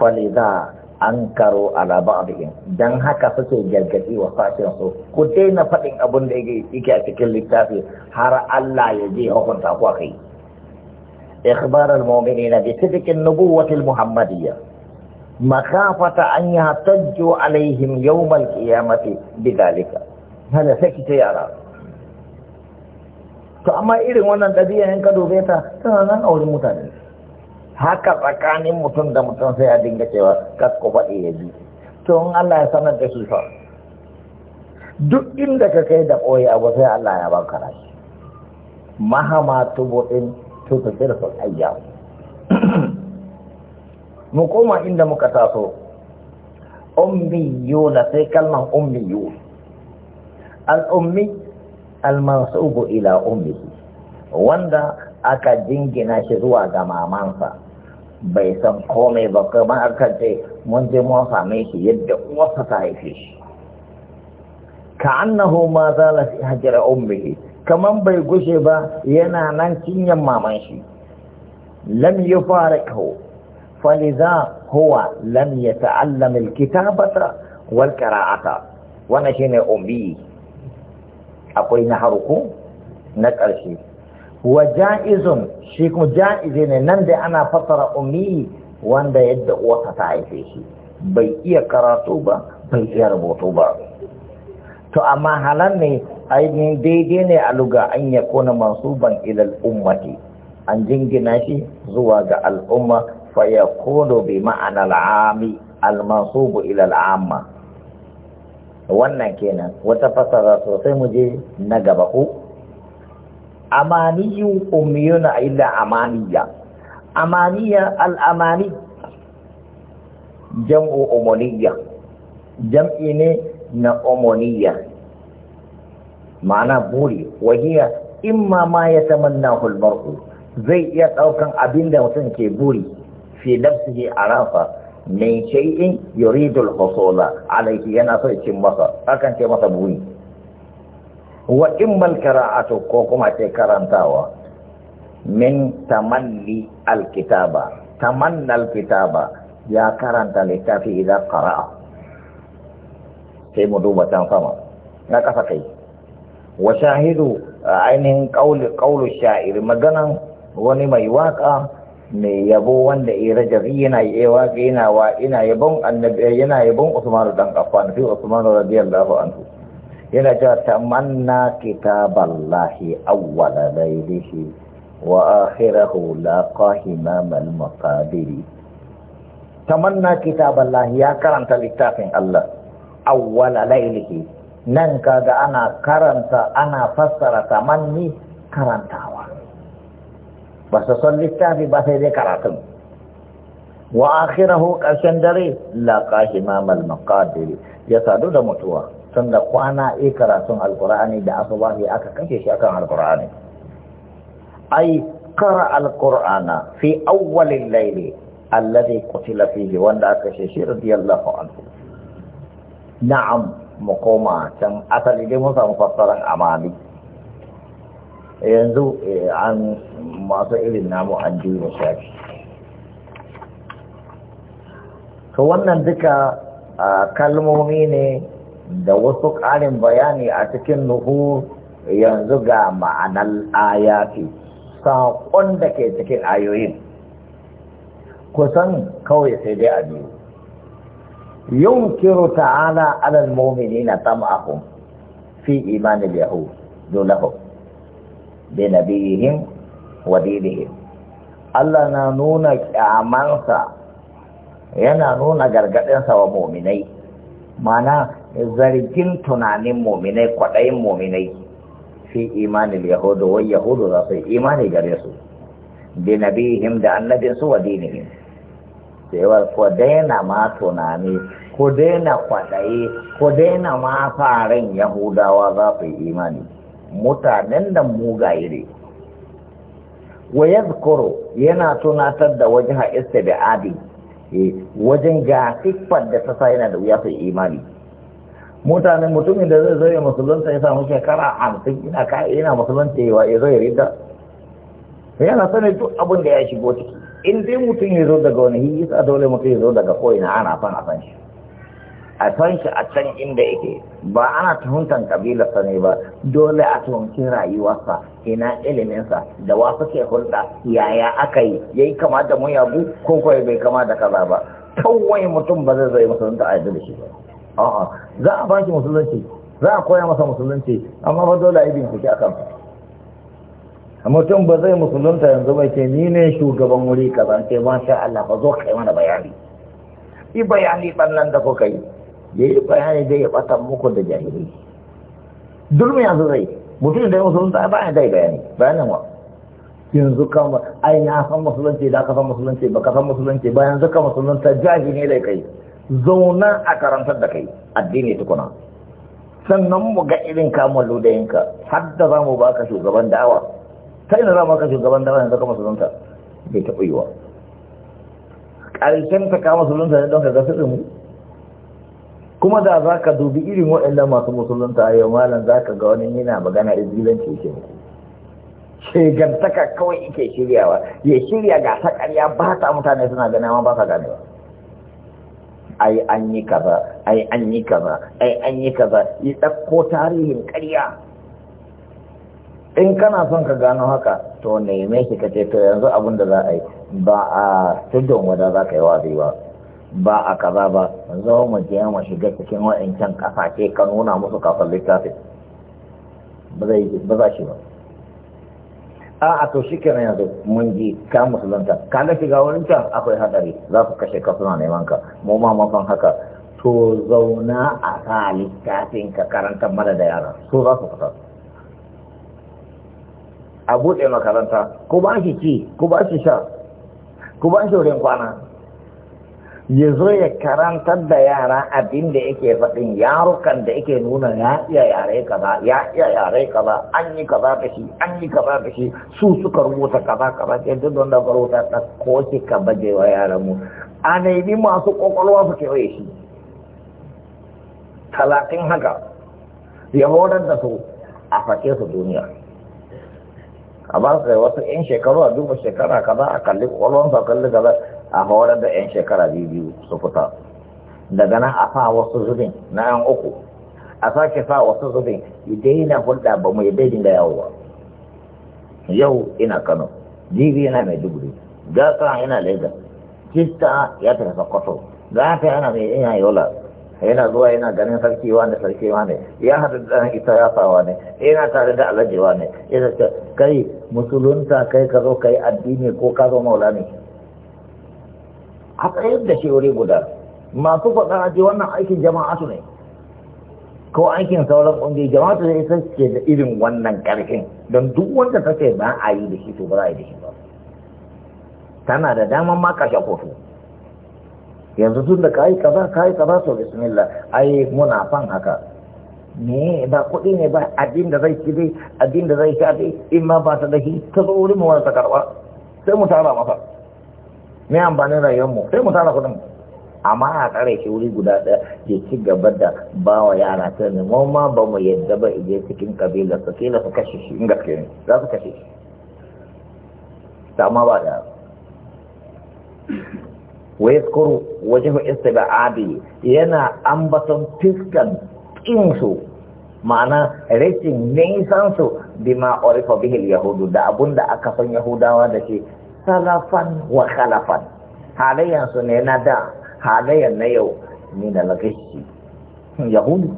falidha ankaru ala ba'dihim dan haka suke gargadi wa fatin su ku daina fadin abun da yake a cikin littafi har Allah ya je hukunta ku kai ikhbar al-mu'minina bi sidqi an al-muhammadiyya makafata an ya tajjo alaihim yawmal qiyamati bidalika hada saki ta yara to amma irin wannan dabi'a in ka dobe ta tana nan a wurin mutane haka tsakanin mutum da mutum sai a dinga cewa kasko faɗi ya ji to in Allah ya sanar da shi fa duk inda ka kai da koyi abu sai Allah ya baka rashi mahama tubu'in tutasir fil ayyam mu koma inda muka taso ummiyuna sai kalman ummiyu al-ummi ila ummihi wanda aka jingina shi zuwa ga mamansa bai san komai ba kuma aka ce mun je mun same shi yadda uwarsa ta haife shi ka annahu ma zala fi hajira ummihi kaman bai gushe ba yana nan cinyan maman shi lam yufarikahu فلذا هو لم يتعلم الكتابة والقراءة ونشين أمي أقول نحركو نكر شيء وجائز ana جائز نند أنا فطر أمي وند يد وتتعي shi. bai iya karatu ba bai iya rubutu ba to amma halan ne ainihin daidai ne a luga an ya kona mansuban ilal ummati an jingina shi zuwa ga al'umma فيكون بمعنى العام المنصوب ila al'amma. wannan kenan wata fasara sosai mu je na gaba ko amaniyu ummiyuna illa amaniya amaniya al'amani jam'u jam'i ne na umaniya ma'ana buri wahiya imma ma ya tamannahu al zai iya daukan abinda mutum ke buri fi nafsihi arafa min shay'in al husula alayhi yana so cin masa akan ce masa buyi wa al qira'atu ko kuma ce karantawa min tamanni alkitaba tamanna alkitaba ya karanta littafi idan qara'a sai mu duba can sama na kasa kai wa shahidu ainihin qawli qawlu sha'ir maganan wani mai waka mai yabo wanda ira raja, yana yewa ga yana wa ina yabon annabi yana yabon Usman dan Affan fi Usman radiyallahu anhu yana cewa tamanna kitaballahi awwala laylihi wa akhirahu laqa himam al-maqadiri tamanna kitaballahi ya karanta littafin Allah awwala laylihi nan kaga ana karanta ana fassara tamanni karantawa ba su san littafi ba sai dai karatun wa akhirahu ƙarshen dare laƙa himamal maƙadiri ya sadu da mutuwa tun da kwana a karatun alkur'ani da asubahi aka kashe shi akan alkur'ani ai kara alƙur'ana fi awwalin laili allazi qutila fihi wanda aka kashe shi radiyallahu anhu na'am mu koma can asali dai mun samu fassaran amali yanzu eh, an masu irin namu an juya shafi to wannan duka kalmomi ne da wasu ƙarin bayani a cikin nuhu yanzu ga ma'anar ayati saƙon da ke cikin ayoyin kusan kawai sai dai a biyu kiro ta'ala alal mu'minina tam'ahum fi imanin Yahu, dole Allah na nuna الله yana nuna ينانونا wa muminai. mana zargin tunanin muminai kwaɗayin muminai fi imanin yahudu wai yahudu za su imani gare su bi nabihim da annabinsu su wa dinihim cewa ko daina ma tunani ko daina kwaɗayi ko daina ma farin yahudawa za su yi imani mutanen da mugaye ne wa yadhkuru yana tunatar da wajha adi. Eh, wajen ga siffar da ta sa yana da wuya sai imani mutane mutumin da zai zoye musulunta ya samu shekara hamsin ina ka ina musulunta yawa ya zoye yana sanin duk abin da ya shigo ciki in dai mutum ya zo daga wani hisa dole mutum ya zo daga ko'ina ana son a san shi a san shi a can inda yake ba ana tuhuntan kabilarsa ne ba dole a tuhunci rayuwarsa ina iliminsa da wasu ke hulɗa yaya aka yi ya yi kama da mun yabu ko kawai bai kama da kaza ba kawai mutum ba zai zai musulunta a yadda da shi ba a'a za a baki musulunci za a koya masa musulunci amma ba dole a yi bincike a kan mutum ba zai musulunta yanzu bai ce ni ne shugaban wuri kaza ce masha Allah ba zo kai mana bayani yi bayani nan da kuka yi ya yi bayani da ya bata muku da jahili dulmi yanzu zai mutum da ya musulunta ba ya dai bayani bayanin wa yanzu kan ai na san musulunci da ka san musulunci ba ka san musulunci ba yanzu ka musulunta jahili ne da kai zauna a karantar da kai addini tukuna sannan mu ga irin kamun ludayinka har da za mu baka shugaban da'awa ta ina za mu baka shugaban da'awa yanzu ka musulunta bai taɓa yiwa ƙarshen ta kama sulunta ne don ka ga sirrin mu kuma da za ka dubi irin waɗannan masu musulunta a yau malam za ka ga wani yana magana izilanci ke shegantaka kawai ike shiryawa ya shirya ga ta ƙarya ba ta mutane suna gana ma ba sa ba ai an yi kaza ai an yi kaza ai an yi kaza yi ɗauko tarihin ƙarya in kana son ka gano haka to mai shi ka ce to yanzu abin da za a yi ba a tudun wada za ka yi wazi ba ba a kaza ba yanzu mu je mu shiga cikin wa'ancan kasashe ka nuna musu kafin littafin ba za shi ba a a to shi kenan yanzu mun ji ka musulunta ka ga shiga wurin can akwai hadari za ku kashe ka suna neman ka mu ma mafan haka to zauna a sa littafin ka karanta mana da yara so za su fita a buɗe makaranta ko ba shi ci ko ba shi sha ko ba shi wurin kwana ya zo ya karantar da yara abin da yake faɗin yarukan da yake nuna ya iya yare ba ya iya yare ba an yi ka da shi an yi ka da shi su suka rubuta ka ba ke duk wanda da rubuta ta ko ke ka baje wa yaran mu a naibi masu kwakwalwa su kewaye shi talatin haka ya horar da su a fake su duniya a ba su wasu 'yan shekaru a duba shekara ka ba a kalli kwakwalwansa a kalli kaza a horar da 'yan shekara biyu su fita daga nan a sa wasu zubin na 'yan uku a sake sa wasu zubin daina hulɗa ba mu yadda dinga yawo ba yau ina kano jibi yana mai duguri gasa yana lagos kista ya tafi sokoto gasa yana mai ina yola yana zuwa yana ganin sarki wani sarki wani ya haɗu da ita ya fawa ne yana tare da alajewa ne ya kai musulunta kai ka zo kai addini ko ka zo maula ne a tsayar da shewari wuri guda masu faɗa a ce wannan aikin jama'a su ne ko aikin sauran ƙungiyar jama'a su zai ke da irin wannan ƙarfin don duk wanda ta ce ba a yi da shi to ba a yi da shi ba tana da damar ma kashe yanzu tun da ka yi kaza ka yi kaza to bismillah ai muna fan haka ne ba kuɗi ne ba abin da zai ci dai abin da zai sha dai in ma ba ta da shi ta zo wurin mu wani ta karɓa sai mu tara masa me amfanin mu sai mu tara kuɗin amma a tsare shi wuri guda ɗaya ya ci gaba da ba wa yara ta ne mu ma ba mu yadda ba ije cikin kabila su kila su kashe shi in gaske ne za su kashe shi amma ba da wa yaskuru wajhu abi yana ambaton fiskan su ma'ana rikin nisan su bima orifa bihil yahudu da abun da aka san yahudawa da shi salafan wa khalafan su ne na da halayen na yau ne da gashi. Hmm, yahudu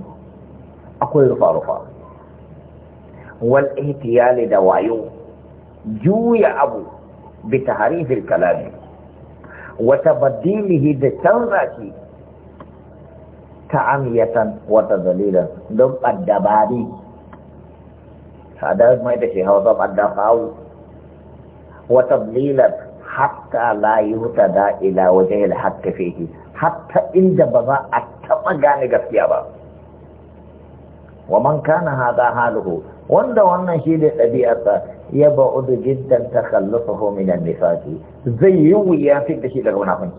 akwai rufa-rufa wal ihtiyali da wayo juya abu bi taharifil kalami Wata tabaddilihi da canza shi amiyatan wata tadlilan don addabari sadar mai da ke hausa addabawu وتضليلا حتى لا يهتدى إلى وجه الحق فيه حتى إن بضاء التمغان قفيابا ومن كان هذا حاله وند وانا شيد الأبيئة يبعد جدا تخلصه من النفاق زي يويا في الشيء لغنا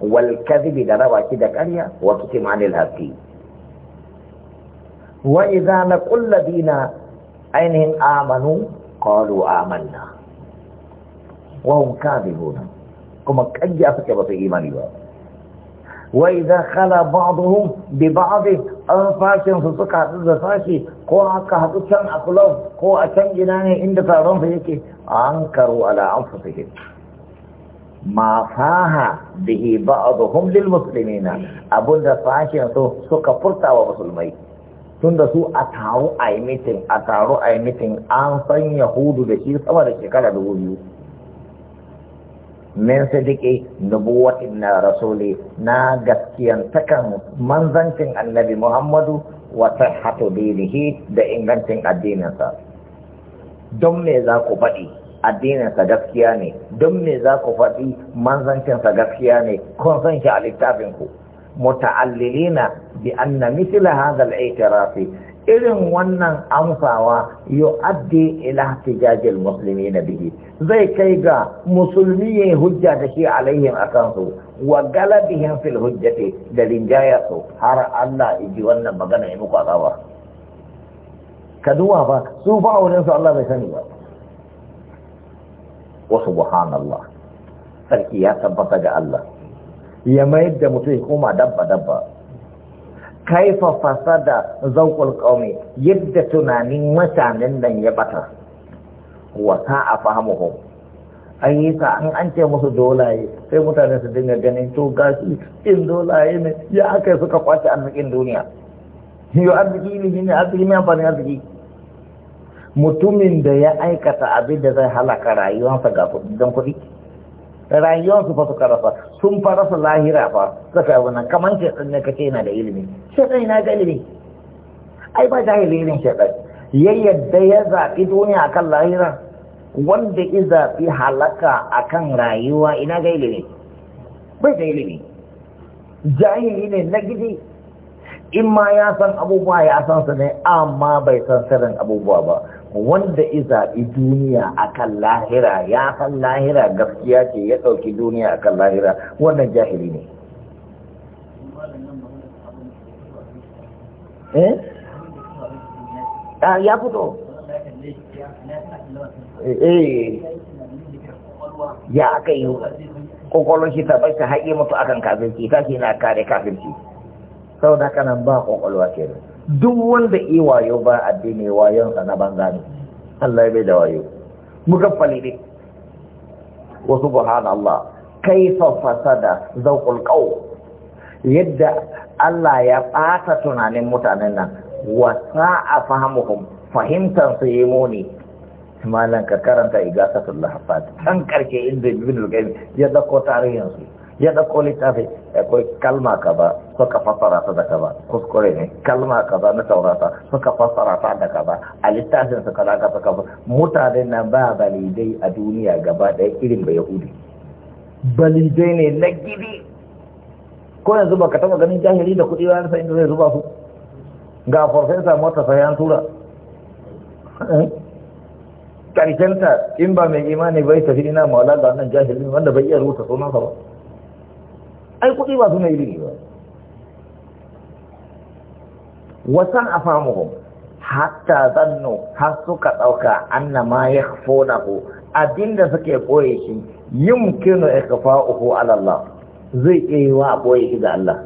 والكذب دروا كده كريا وكتم عن الحق وإذا لقوا الذين أينهم آمنوا qalu amanna wa hum kadhibun kuma kajja suke ba su imani ba wa idza khala ba'dhum bi ba'd an fashin su suka hadu da fashi ko aka hadu can a kulau ko a can gina ne inda taron su yake an karu ala anfusihim ma faha bihi ba'dhum lil muslimina abunda fashin su suka furta wa musulmai tun da su a taru a yi mitin a taru a yi mitin an san yahudu da shi sama da shekara dubu biyu min sadiki nubuwatin na rasuli na gaskiyan takan manzancin annabi muhammadu wa sihhatu dinihi da ingancin addininsa don me za ku faɗi addininsa gaskiya ne don me za ku faɗi manzancinsa gaskiya ne kun san shi a littafinku متعللين بأن مثل هذا الاعتراف irin wannan amsawa addi ila ihtijajil muslimina bihi zai kai ga musulmi ya hujja da shi alaihim akan su wa galabihim fil hujjati da linjaya su har Allah iji wannan magana ya muku azaba ka duwa su ba wurin su Allah bai sani ba wa subhanallah sarki ya tabbata ga Allah ya mayar da mutum ya koma dabba dabba kaifa fasada zaukul kaumi yadda tunanin mutanen nan ya bata wa a fahimuhum an yi sa an an ce musu dolaye sai mutane su dinga ganin to gashi in dolaye ne ya aka suka kwace arzikin duniya yau arziki ne shi ne arziki mai amfani arziki mutumin da ya aikata abin da zai halaka rayuwarsa ga don kuɗi rayuwarsu fa suka rasa sun fa rasa lahira fa suka yi wannan kamar shaɗan ne ce yana da ilimi shaɗan na da ilimi ai ba jahili irin shaɗan ya yadda ya zaɓi duniya akan lahira wanda ya zaɓi halaka akan rayuwa ina ga ilimi bai da ilimi jahili ne na gidi in ma ya san abubuwa ya san su ne amma bai san sirrin abubuwa ba wanda izaɓi duniya akan lahira ya san lahira gaskiya ce ya ɗauki duniya akan lahira wannan jahili ne eh? ah, ya fito eh, eh. ya aka yi kwakwalon shi ta bai ta haƙe mutu akan kafirci ta ke na kare kafirci sau da kanan ba kwakwalwa ke nan duk wanda yi wayo ba addini wayonsa na banza ne Allah bai da wayo muka ne wa subhanallah kaifa fasada zawqul qaw yadda Allah ya ɓata tunanin mutanen nan wa sa'a fahimuhum fahimtan su yi muni malan ka karanta igasatul lahfat an karke inda ibn al-qayyim ya dauko tarihin su ya ɗauko littafi ya koyi kalma ba suka fassara ta da ba kuskure ne kalma ba na taurata suka fassara ta da ba a littafin su kaza ka suka mutane na ba balidai a duniya gaba ɗaya irin ba yahudi balidai ne na gidi ko yanzu ba ka taɓa ganin jahili da kuɗi ba, yanzu da zai zuba su ga farfesa mota sai an tura karshenta in ba mai imani bai tafi ina mawala ga wannan jahilin wanda bai iya rubuta sunansa ba ai kuɗi ba su mai iri ba wasan a hatta zannu har suka ɗauka anna ma ya ku? abinda suke ɓoye shi ya ikfa'uhu uku Allah zai iya yi wa ɓoye shi ga Allah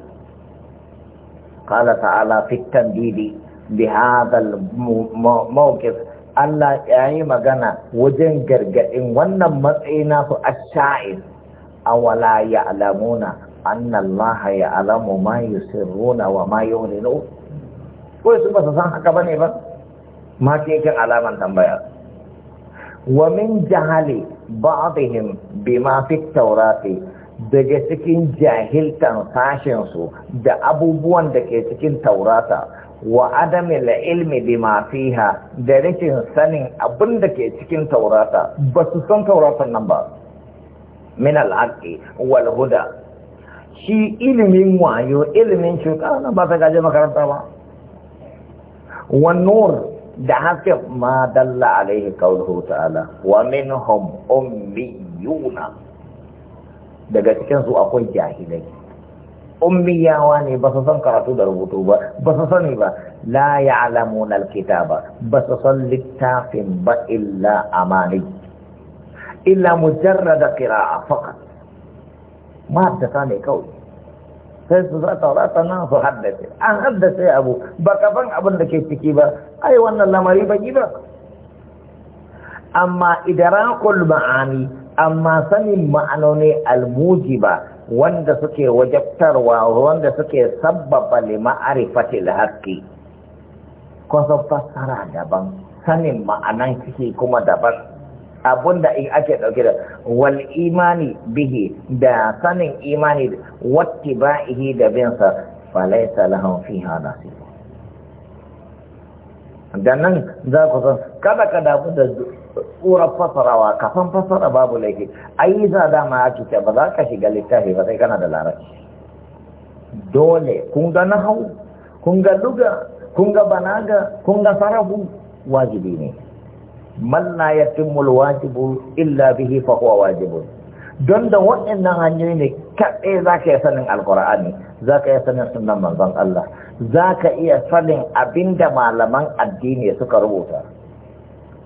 Kala ta'ala fi tanbidi bi hadha al-mawqif Allah yayi magana wajen gargadin wannan matsayi nasu ash a awala ya'lamuna ya alamu ma yusirruna wa ma yu'linu ko su ba san haka bane ba ma ke kan alaman tambaya wa min jahali ba'dihim bima fi tawrati daga cikin jahiltan sashen su da abubuwan da ke cikin taurata wa adam la ilmi bima fiha da rikin sanin abin da ke cikin taurata ba su san tauratan nan ba min al'aqi wal huda shi ilimin wayo ilimin shuka na ba ta gaje makaranta ba wannan da haske ma dalla alaihi kauluhu ta'ala wa minhum ummiyuna daga cikinsu su akwai jahilai ummiyawa ne ba su san karatu da rubutu ba ba su sani ba la ya'lamun alkitaba ba su san littafin ba illa amani illa mujarrada qira'a faqat matasa ne kawai sai su za taurata nan su haddace an haddace abu ba kafan abin da ke ciki ba ai wannan lamari ba ba amma idrakul ma'ani amma sanin ma'anoni almuji ba wanda suke wajabtarwa wanda suke sabbaba li ma'arifatil haqqi haƙƙi, fassara daban sanin ma'anan ciki kuma daban abunda in ake dauke da wal imani bihi da sanin imani ihi da bin sa falaisa lahum fiha nasib dan nan za ku san kada ka damu da tsoron fasarawa san fasara babu laifi ai za ma ake cuta ba za ka shiga littafi ba sai kana da larabci dole kun ga nahau kun ga luga kun ga banaga kun ga sarahu wajibi ne man la yatimmu alwajibu illa bihi fa huwa wajibun don da waɗannan hanyoyi ne kaɗai za ka iya sanin alkur'ani za ka iya sanin sunan manzon Allah za ka iya sanin abin da malaman addini suka rubuta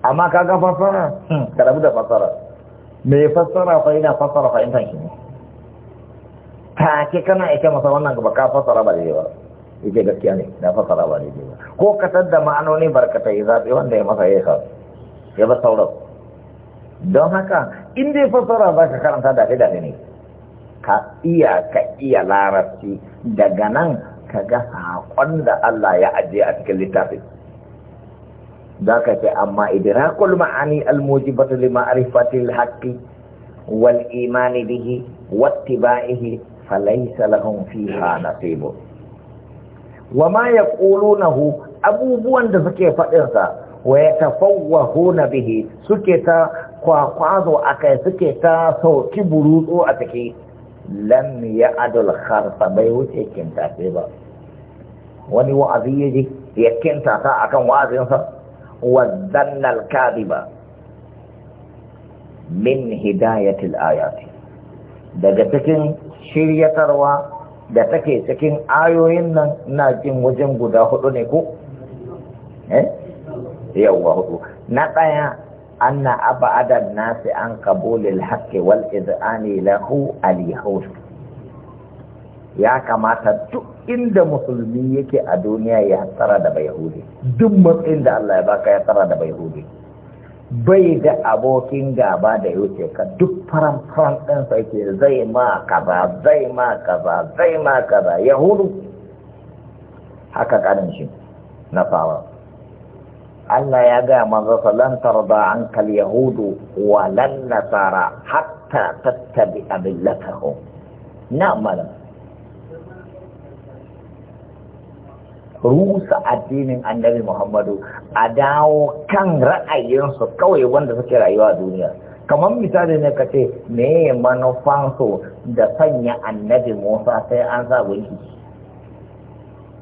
amma ka ga fassara hmm, ka rabu da fassara me fassara fa yana fassara fa in tanki ne ke kana ita masa wannan gaba ka fassara ba daidai ba gaskiya ne na fassara ba daidai ba ko ka tadda ma'anoni barkatai zaɓe wanda ya masa ya yi ya ba sauran don haka in dai fassara ba ka karanta da da ne ka iya ka iya larabci daga nan ka ga haƙon da Allah ya ajiye a cikin littafi za ka ce amma idrakul ma'ani almujibatu li ma'rifatil haqqi wal imani bihi wattiba'ihi falaysa lahum fiha nasibu wa ma yaqulunahu abubuwan da suke faɗinsa wa yatafawwahuna bihi suke ta kwakwazo akai suke ta sauki burutsu a take lam ya adul kharfa bai wuce sai ba wani wa'azi ya je ta akan sa wa zannal kadiba min hidayatil ayati daga cikin shiryatarwa da take cikin ayoyin nan na jin wajen guda hudu ne ko eh yawwa hudu na ɗaya anna adan nasi an kabulil haqqi wal idani lahu al-yahud ya kamata duk inda musulmi yake a duniya ya tsara da bai yahudi duk matsayin da Allah ya baka ya tsara da bai yahudi bai da abokin gaba da yake ka duk faran faran ɗansa yake zai ma kaza zai ma kaza zai ma kaza yahudu haka ƙarin shi na fawa Allah ya gaya manzo sallan tarda ankal yahudu wa lan nasara hatta tattabi abillatahum na malam rusa addinin annabi Muhammadu a dawo kan ra'ayinsu kawai wanda suke rayuwa a duniya kamar misali ne ka ce me manufansu da sanya annabi Musa sai an sa gunki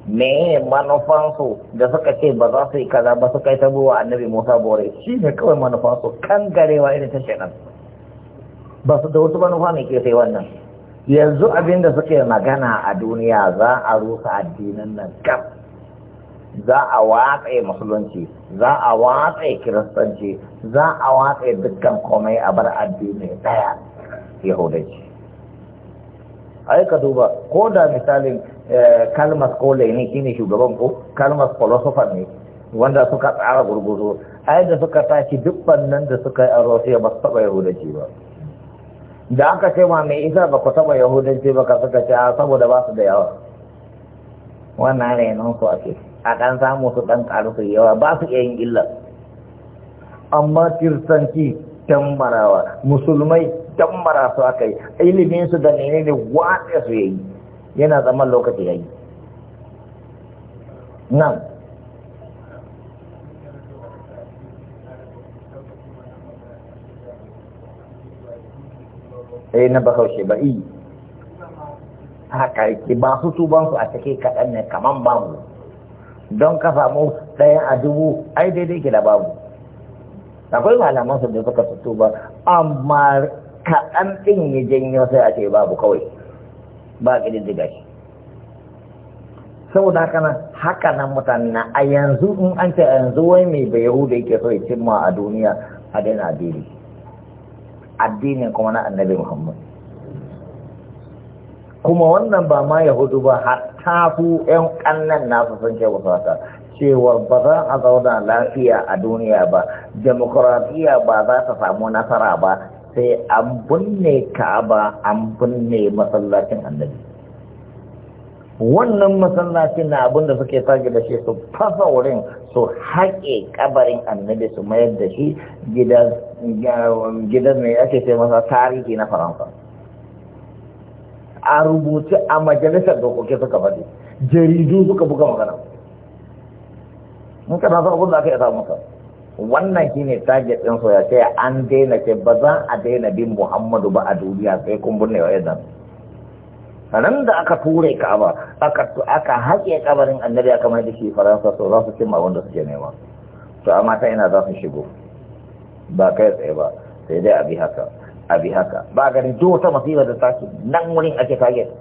me manufansu da suka ce ba za su yi kaza ba su kai ta buwa annabi musa bore shi ne kawai manufansu kan garewa irin ta shaɗan ba su da wasu manufa ne ke sai wannan yanzu abin da suke magana a duniya za a rusa addinin nan kaf za a watsa musulunci za a watsa kiristanci za a watsa dukkan komai a bar addini ɗaya yahudanci ai ka duba ko da misalin eh, kalmas kolai ne shine shugaban ko kalmas philosopher ne wanda suka tsara gurguzo ai da suka tashi dukkan nan da suka yi a rosiya ba su taba yahudanci ba da aka ce ma mai isa ba ku taba yahudanci ba ka suka ce a saboda ba su da yawa wannan nan su ake a ɗan samu su dan karu su yawa ba su iya yin illa amma kiristanci tambarawa musulmai dammara su aka yi ilimin su da nene ne wata su yayi yana zama lokaci yayi nan eh na bakaushe ba yi haka yake ba su su a cikin kaɗan ne kaman babu don ka samu ɗaya a dubu ai daidai ke da babu akwai malaman su da suka fito ba amma kaɗan ɗin ya janyo sai a ce babu kawai ba ƙididdiga shi saboda haka nan haka nan mutane na a yanzu in an ce yanzu wai mai bai yahuda yake so ya cimma a duniya a daina addini addinin kuma na annabi muhammad kuma wannan ba ma yahudu ba hatta su yan kannan nasu sun ce wasu cewa ba za a zauna lafiya a duniya ba demokuraɗiyya ba za ta samu nasara ba sai an binne ka'aba an binne masallacin annabi wannan masallacin na abin da suke tage da shi su fasa wurin su haƙe kabarin annabi su mayar da shi gidan mai ake sai masa tarihi na faransa a rubuce a majalisar dokoki suka faɗi jaridu suka buga magana in kana sa abin da aka yi samun sa wannan ne target ɗin so ya ce an daina ce ba za a daina bin Muhammadu ba a duniya sai kun burne wa idan ran da aka ture ka ba aka aka haƙe kabarin annabi aka mai da shi faransa so za su cimma wanda suke nema to amma ta ina za su shigo ba kai tsaye ba sai dai abi haka abi haka ba ganin duk wata masifa da taki nan wurin ake target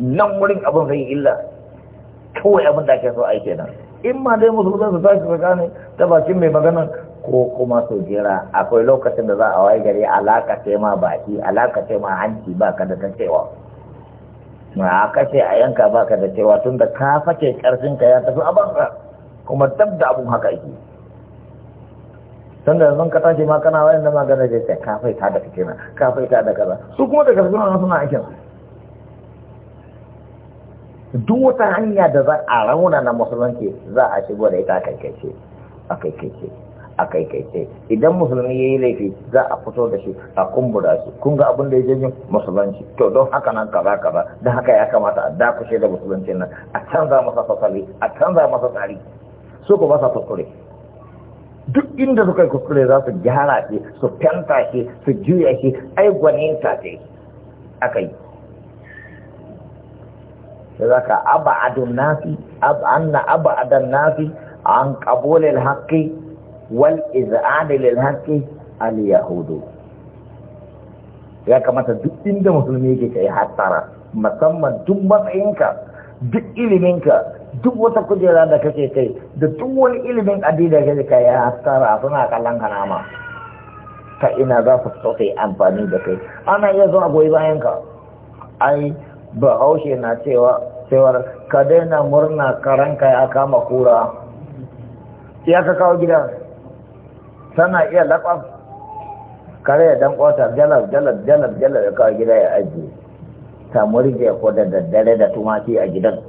nan wurin abin zai illa kawai abin da ake so a yi kenan in ma dai musu za su tashi su gane ta bakin mai magana ko kuma su jira akwai lokacin da za a waye gari alaka ce ma baki alaka ce ma hanci ba ka da ta cewa ma aka kashe a yanka ba ka da cewa tun da ka fake ka ya tafi a banka kuma dab da abun haka yake sanda zan ka tashi ma kana wayan da magana da ka kafai ta da kake na kafai ta da kaza su kuma da kasu suna aikin duk wata hanya da za a rauna na musulunci za a shigo da ita kaikaice kai ce a kai ce a kai ce idan musulmi ya yi laifi za a fito da shi a kumbura shi kun ga abin da ya jirgin musulunci to don haka nan kaza kaza don haka ya kamata a dakushe da musulunci nan a canza masa fasali a canza masa tsari su ku masa kuskure duk inda suka yi kuskure za su gyara shi su fenta shi su juya shi ai gwaninta ce aka yi da za ka ana nafi anna aba'adan nafi an qabulil haqqi wal iz'adi lil haqqi al yahudu ya kamata duk inda musulmi yake kai hasara musamman duk matsayinka duk iliminka duk wata kujera da kake kai da duk wani ilimin addini da kake kai ya hasara suna kallon ka nama ta ina za su sauke amfani da kai ana iya zuwa goyi bayan ka ai bahaushe na cewa cewar ka daina murna karanka ya kama kura ya ka kawo gida tana iya laɓa kare ya dan kwata jalab jalab jalar ya kawo gida ya aji. ta murje ko da daddare da tumaki a gidan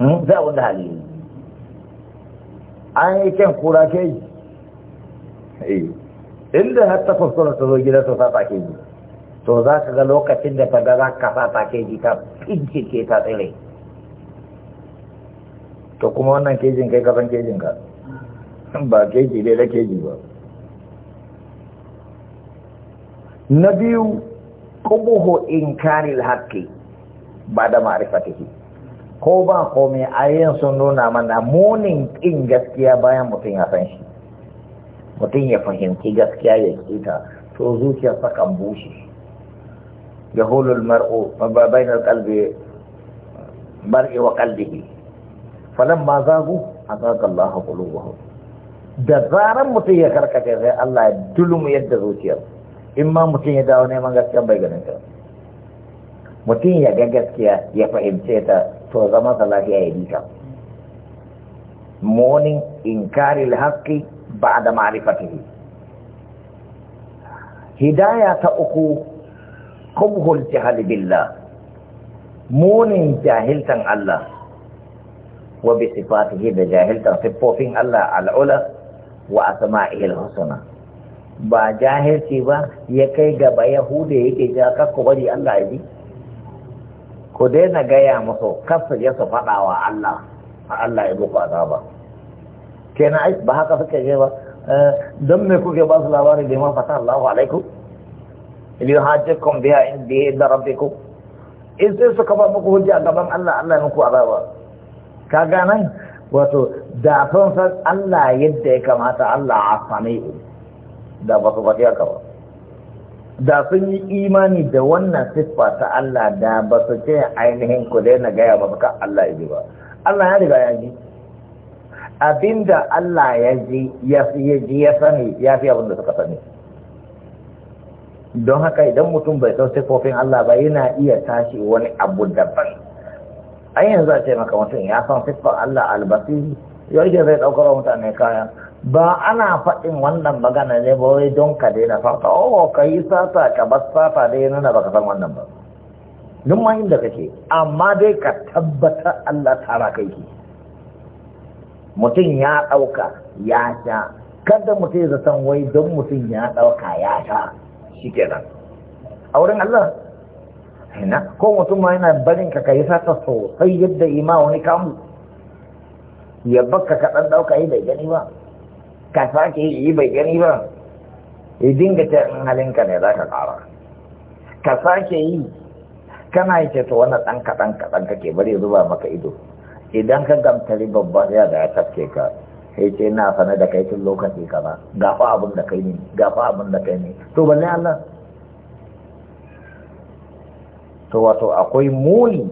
hmm? za a wanda hali an yi kyan kura ke yi eh. inda hatta fuskura ta zo gida ta sata ke yi to za ka ga lokacin da ta ga za ka sa ta keji ta ke ta tsire to kuma wannan kejin kai kasan kejin ka ba keji dai da keji ba na biyu kubuhu inkaril haƙƙi ba da ma'rifatihi ko ba komai ayin sun nuna mana munin ƙin gaskiya bayan mutum ya san shi mutum ya fahimci gaskiya ya ta, to zuciyarsa kan bushe يهول المرء بين القلب مرء وقلبه فلما ذابوا أذاق الله قلوبهم da zaran mutum ya karkace sai Allah ya dulmu yadda zuciyar in ma mutum ya dawo neman gaskiya bai ganin ta mutum ya ga gaskiya ya fahimce ta to zama sa lafiya ya dika monin inkari haqqi ba'da ma'rifatihi hidaya ta uku kubhul jahal billah munin jahiltan Allah wa bi sifatihi da jahiltan siffofin Allah al'ula wa asma'ihi al-husna ba jahilci ba ya kai gaba yahuda yake ja kakku bari Allah ya ji ku daina gaya musu kasu ya su faɗa wa Allah a Allah ya muku azaba kenan ba haka suke je ba eh, don me kuke ba su labarin da ma fata Allahu alaikum liyuhajjakum biha inda biya in da sai suka ba muku hujja gaban Allah Allah ya muku azaba kaga nan wato da san san Allah yadda ya kamata Allah a same da ba su fadi ka ba da sun yi imani da wannan siffa ta Allah da ba su ce ainihin ku na gaya ya ka Allah ya ji ba Allah ya riga ya ji abinda Allah ya ji ya ji ya sani ya fi abinda suka sani don haka idan mutum bai ɗau sifofin Allah ba yana iya tashi wani abu daban an yanzu a ce maka mutum ya san sifofin Allah albasi. yau ke zai ɗaukar mutane kaya ba ana faɗin wannan magana ne ba wai don ka daina fata oh ka yi sata ka bar sata dai nuna ka san wannan ba duk mahim da kake amma dai ka tabbatar Allah tara kai ki mutum ya ɗauka ya sha kada mutum ya san wai don mutum ya ɗauka ya sha shi kenan a wurin Allah ina ko mutum ma yana barin ka kai sata sosai yadda ima wani kamu ya baka ka dan dauka yi bai gani ba ka sake yi bai gani ba ya dinga ta in halinka ne za ka kara ka sake yi kana yi ce to wannan dan kaɗan kaɗan kake bari zuba maka ido idan ka gamtari ya da ya tafke ka sai ce na sanar da kai tun lokaci kaza gafa abin da kai ne gafa abin da kai ne to balle Allah to wato akwai muni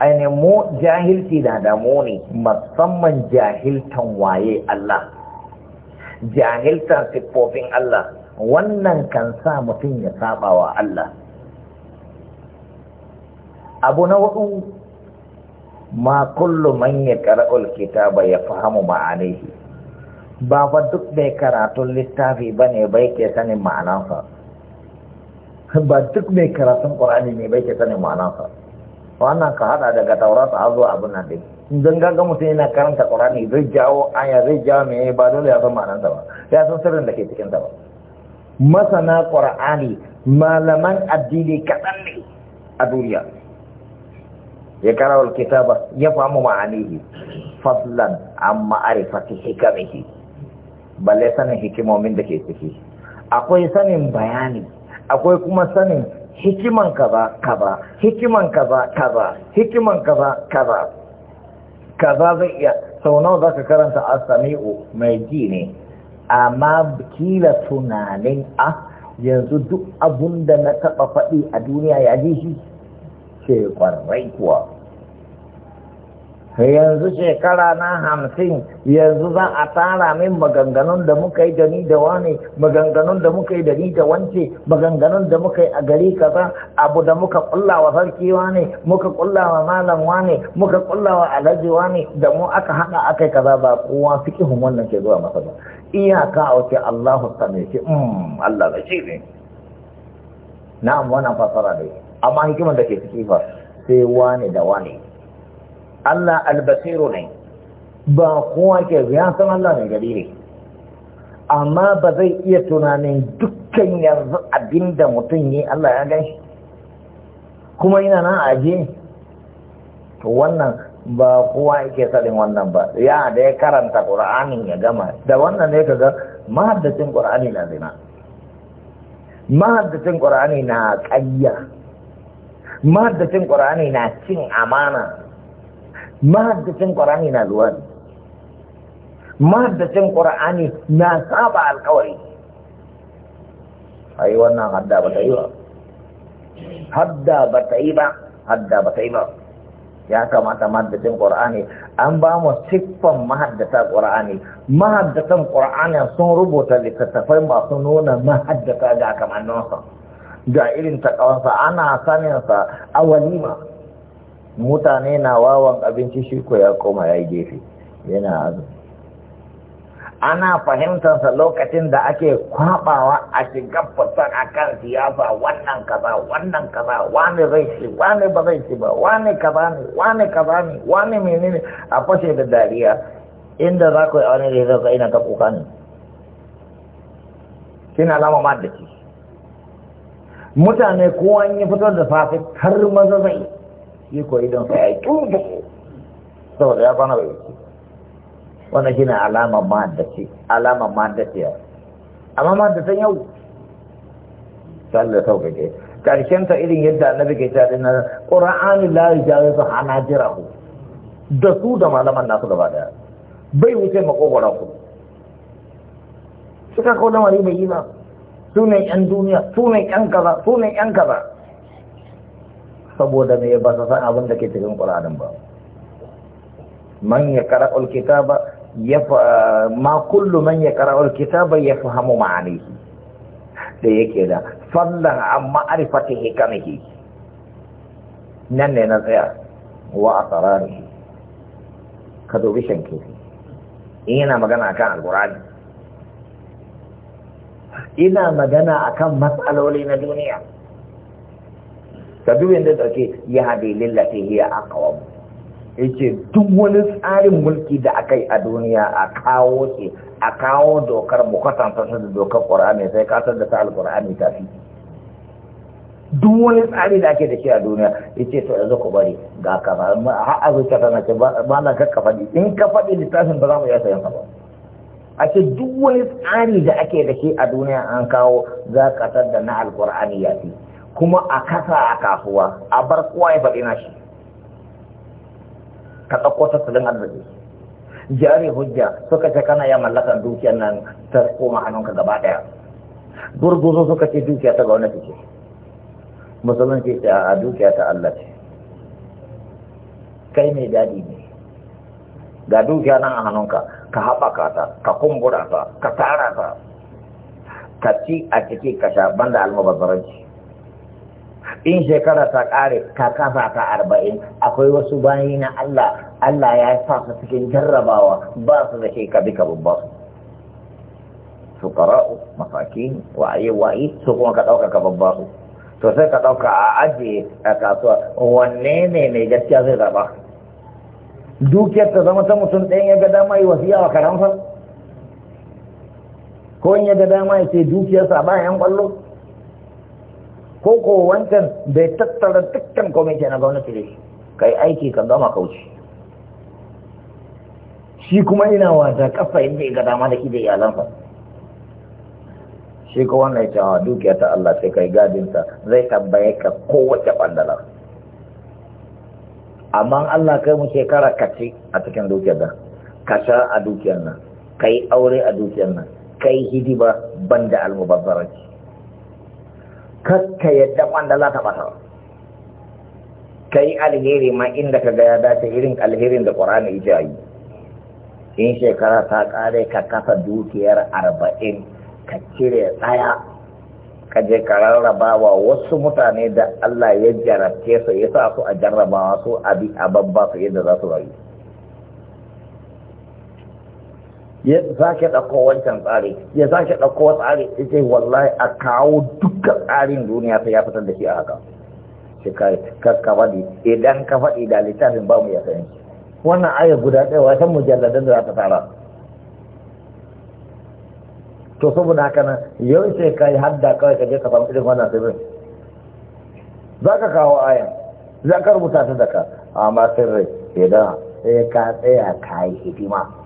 ainihin mu jahilci na da muni musamman jahiltan waye Allah jahiltan siffofin Allah wannan kan sa mutum ya saba wa Allah abu na hudu ma kullu man ya kitaba ya fahimu ma'anihi ba fa duk mai karatun littafi ba ne bai ke sanin ma'anansa ba duk mai karatun ƙur'ani ne bai ke sanin ma'anansa wannan ka hada daga taurata a zuwa abin nan dai don gaga mutum yana karanta ƙur'ani zai jawo aya zai jawo mai ba dole ya san ma'anansa ba ya san sirrin da ke cikin ta ba masana ƙur'ani malaman addini kaɗan ne a duniya ya karawar kitaba ya famu ma'anihi fadlan an ma'arifati hikamihi balle sanin hikimomin da ke ciki akwai sanin bayani akwai kuma sanin hikiman kaza kaza hikiman kaza kaza hikiman kaza kaza kaza zai iya sau nawa za ka karanta a asami'u mai ji ne amma kila tunanin a ah, yanzu duk abun da na taɓa faɗi a duniya ya ji shi ce kwarai kuwa yanzu shekara na hamsin yanzu za a tara min maganganun da muka yi da ni da wane maganganun da muka yi da ni da wance maganganun da muka yi a gari kaza abu da muka kulla wa sarki wane muka kulla wa malam wane muka kulla wa alhaji wane da mu aka hada aka yi kaza ba kowa fikihun wannan ke zuwa masa ba iyaka a wace Allahu sami shi um Allah da shi ne na'am wannan fasara dai amma hikimar da ke ciki ba sai wane da wane Allah albasiru ne ba kowa ke ya san Allah mai gari ne amma ba zai iya tunanin dukkan yanzu abinda mutum yi Allah ya gan kuma yana nan aje to wannan ba kowa yake sanin wannan ba ya da ya karanta ƙur'anin ya gama da wannan ne kaga mahaddacin ƙur'ani na zina mahaddacin ƙur'ani na ƙayya mahaddacin ƙur'ani na cin amana mahaddacin ƙwarani na zuwa ne mahaddacin ƙwarani na saba alkawari a yi wannan hadda ba ta yi ba hadda ba ta yi ba hadda ba ta yi ba ya kamata mahaddacin ƙwarani an ba mu siffan mahaddata ƙwarani mahaddatan ƙwarani sun rubuta littattafai masu nuna mahaddata ga kamanninsa ga irin takawansa ana saninsa a walima mutane na wawan abinci shi ko ya koma ya yi gefe yana azu ana fahimtarsa lokacin da ake kwabawa a shiga fitar a kan siyasa wannan kaza wannan kaza wani zai shi, wani ba zai shi ba wani kaza ne wani kaza ne wani menene a fashe da dariya inda za ku yi a wani da zai ina ta kuka ne kina lama ma da mutane kowa yi fitar da safe har maza zai shi ko idan sa ya tuba saboda ya kwana bai wuce wannan shine alama ma da ce alama ma da ce amma ma da san yau sallah sauƙaƙe karshen ta irin yadda annabi ke ta dinar qur'ani la yajawizu hanajirahu da su da malaman nasu gaba daya bai wuce makogoran ku suka kawo lamari mai yi ba su ne yan duniya su ne yan kaza su ne yan kaza saboda me ba su san abin da ke cikin ƙur'anin ba man ya kara kitaba ya ma kullu man ya kara kitaba ya fahimu ma'ani. da yake da fallan amma arifata ke. nan ne na tsaya wa asararihi ka dubi shanke in yana magana akan alqur'ani ina magana akan matsaloli na duniya ka duk yadda dauke ya haɗe lillafi hiya aqwam ce duk wani tsarin mulki da aka yi a duniya a kawo ce a kawo dokar bukatan ta da dokar qur'ani sai ka san da ta alqur'ani ta fi duk wani tsari da ake da shi a duniya ce to yanzu ku bari ga kaza har ta tana ce ba na kakka faɗi in ka faɗi littafin ba za mu iya sayan ba a ce duk wani tsari da ake da shi a duniya an kawo za ka da na alqur'ani ya fi kuma a kasa a kasuwa a bar kowa ya faɗi shi. ka ɗauko tattalin arziki jari hujja suka ce kana ya mallakan dukiyar nan ta koma hannunka gaba ɗaya gurguzo suka ce dukiya ta gwamnati ce musulunci ce a dukiya ta Allah ce kai mai daɗi ne ga dukiya nan a hannunka ka haɓaka ta ka kumbura ta ka tara ta ka ci a ciki kasha sha banda almubazzaranci in shekara ta ƙare ka kasa ta arba'in akwai wasu bayi na Allah Allah ya sa su cikin jarrabawa ba su da shi kabi kabin ba su fuqara'u masakin waye waye su kuma ka ɗauka kabin ba su to sai ka ɗauka a ajiye a kasuwa wanne ne mai gaskiya zai zaɓa dukiyar ta zama ta mutum ɗayan ya ga dama yi wasiya wa karamsa ko in ya ga dama ya ce dukiyarsa ba yan ƙwallo ko ko wancan bai tattara dukkan komai na gwamnati da shi kai aiki ka zama kauci shi kuma ina wata kafa inda ya ga dama da shi da iyalansa shi ko wannan ya a ah, dukiya ta Allah sai kai zai tambaye ka kowace bandala amma Allah kai mu shekara kace a cikin dukiyar nan ka sha a dukiyar nan kai aure a dukiyar nan kai hidiba banda almubazzaranci kakka yadda za ta bata ka yi alheri ma inda ka ga ya dace irin alherin da ƙwararri ya yi in shekara ta ƙare ka kasa dukiyar arba'in ka cire tsaya ka je ka rarrabawa wasu mutane da Allah ya jarabce su ya sa su a jarrabawa su abi a babba su yadda za su rayu ya sake ɗauko wancan tsari ya sake ɗauko tsari ya ce wallahi a kawo dukkan tsarin duniya sai ya fitar da shi a haka shi ka kakka faɗi idan ka faɗi da littafin ba mu ya sani wannan aya guda ɗaya wasan mujalladan da za ta tara to saboda haka nan yau sai ka yi hadda kawai ka je ka samu irin wannan sirrin za ka kawo ayar za ka rubuta ta ka. amma sirri idan sai ka tsaya ka yi hidima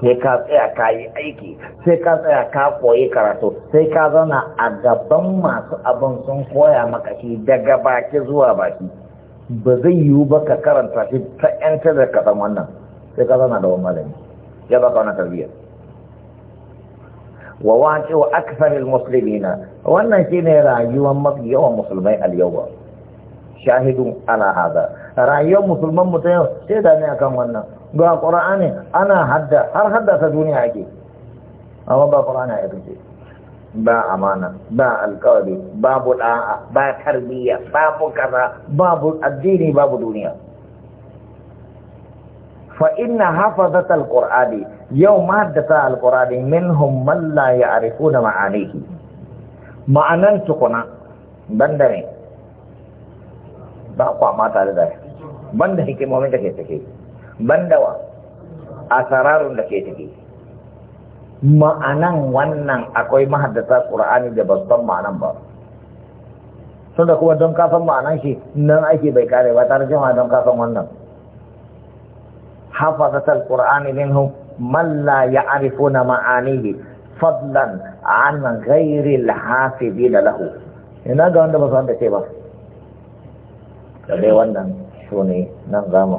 sai ka tsaya ka yi aiki sai ka tsaya ka koyi karatu sai ka zana a gaban masu abin sun koya maka shi daga baki zuwa baki ba zai yiwu ba ka karanta shi ta yanta da kasan wannan sai ka zana da wani malami ya baka wani tarbiyya wa wace wa aksarin muslimina wannan shine rayuwar mafi yawan musulmai al yau shahidun ala hada rayuwar musulman mutum yau sai da ne akan wannan ga ƙura'ani ana hadda har hadda ta duniya ake amma ba ƙura'ani a yadda ba amana ba alkawari babu ɗa'a ba tarbiyya babu kaza babu addini babu duniya fa inna hafazat alqur'ani yau ma haddasa alqur'ani minhum man la ya'rifuna ma'anihi ma'anan tukuna banda ne ba kwa mata da banda hikimomin da ke take bandawa asararun da ke tafi ma'anan wannan akwai mahaddata qur'ani da babban ma'anan ba sun da kuma don kasan ma'anan shi nan aiki bai kare ba tare jama'a don kasan wannan hafazatar ƙur'ani minhum man la ya'rifuna ma'anihi fadlan an ghayri al-hafizi lahu ina ga wanda ba san da ke ba da dai wannan sune nan za mu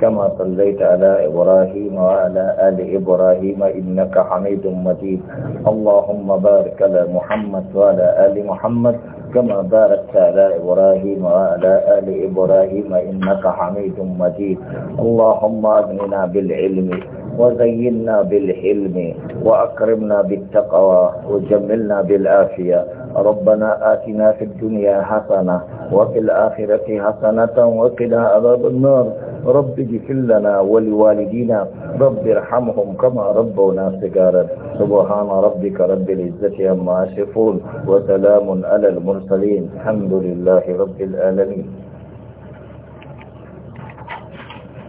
كما صليت على إبراهيم وعلى آل إبراهيم إنك حميد مجيد اللهم بارك على محمد وعلى آل محمد كما باركت على إبراهيم وعلى آل إبراهيم إنك حميد مجيد اللهم أغننا بالعلم وزينا بالحلم وأكرمنا بالتقوى وجملنا بالعافية ربنا آتنا في الدنيا حسنة وفي الآخرة حسنة وقنا عذاب النار رب اغفر لنا ولوالدينا رب ارحمهم كما ربونا صغارا سبحان ربك رب العزة عما يصفون وسلام على المرسلين الحمد لله رب العالمين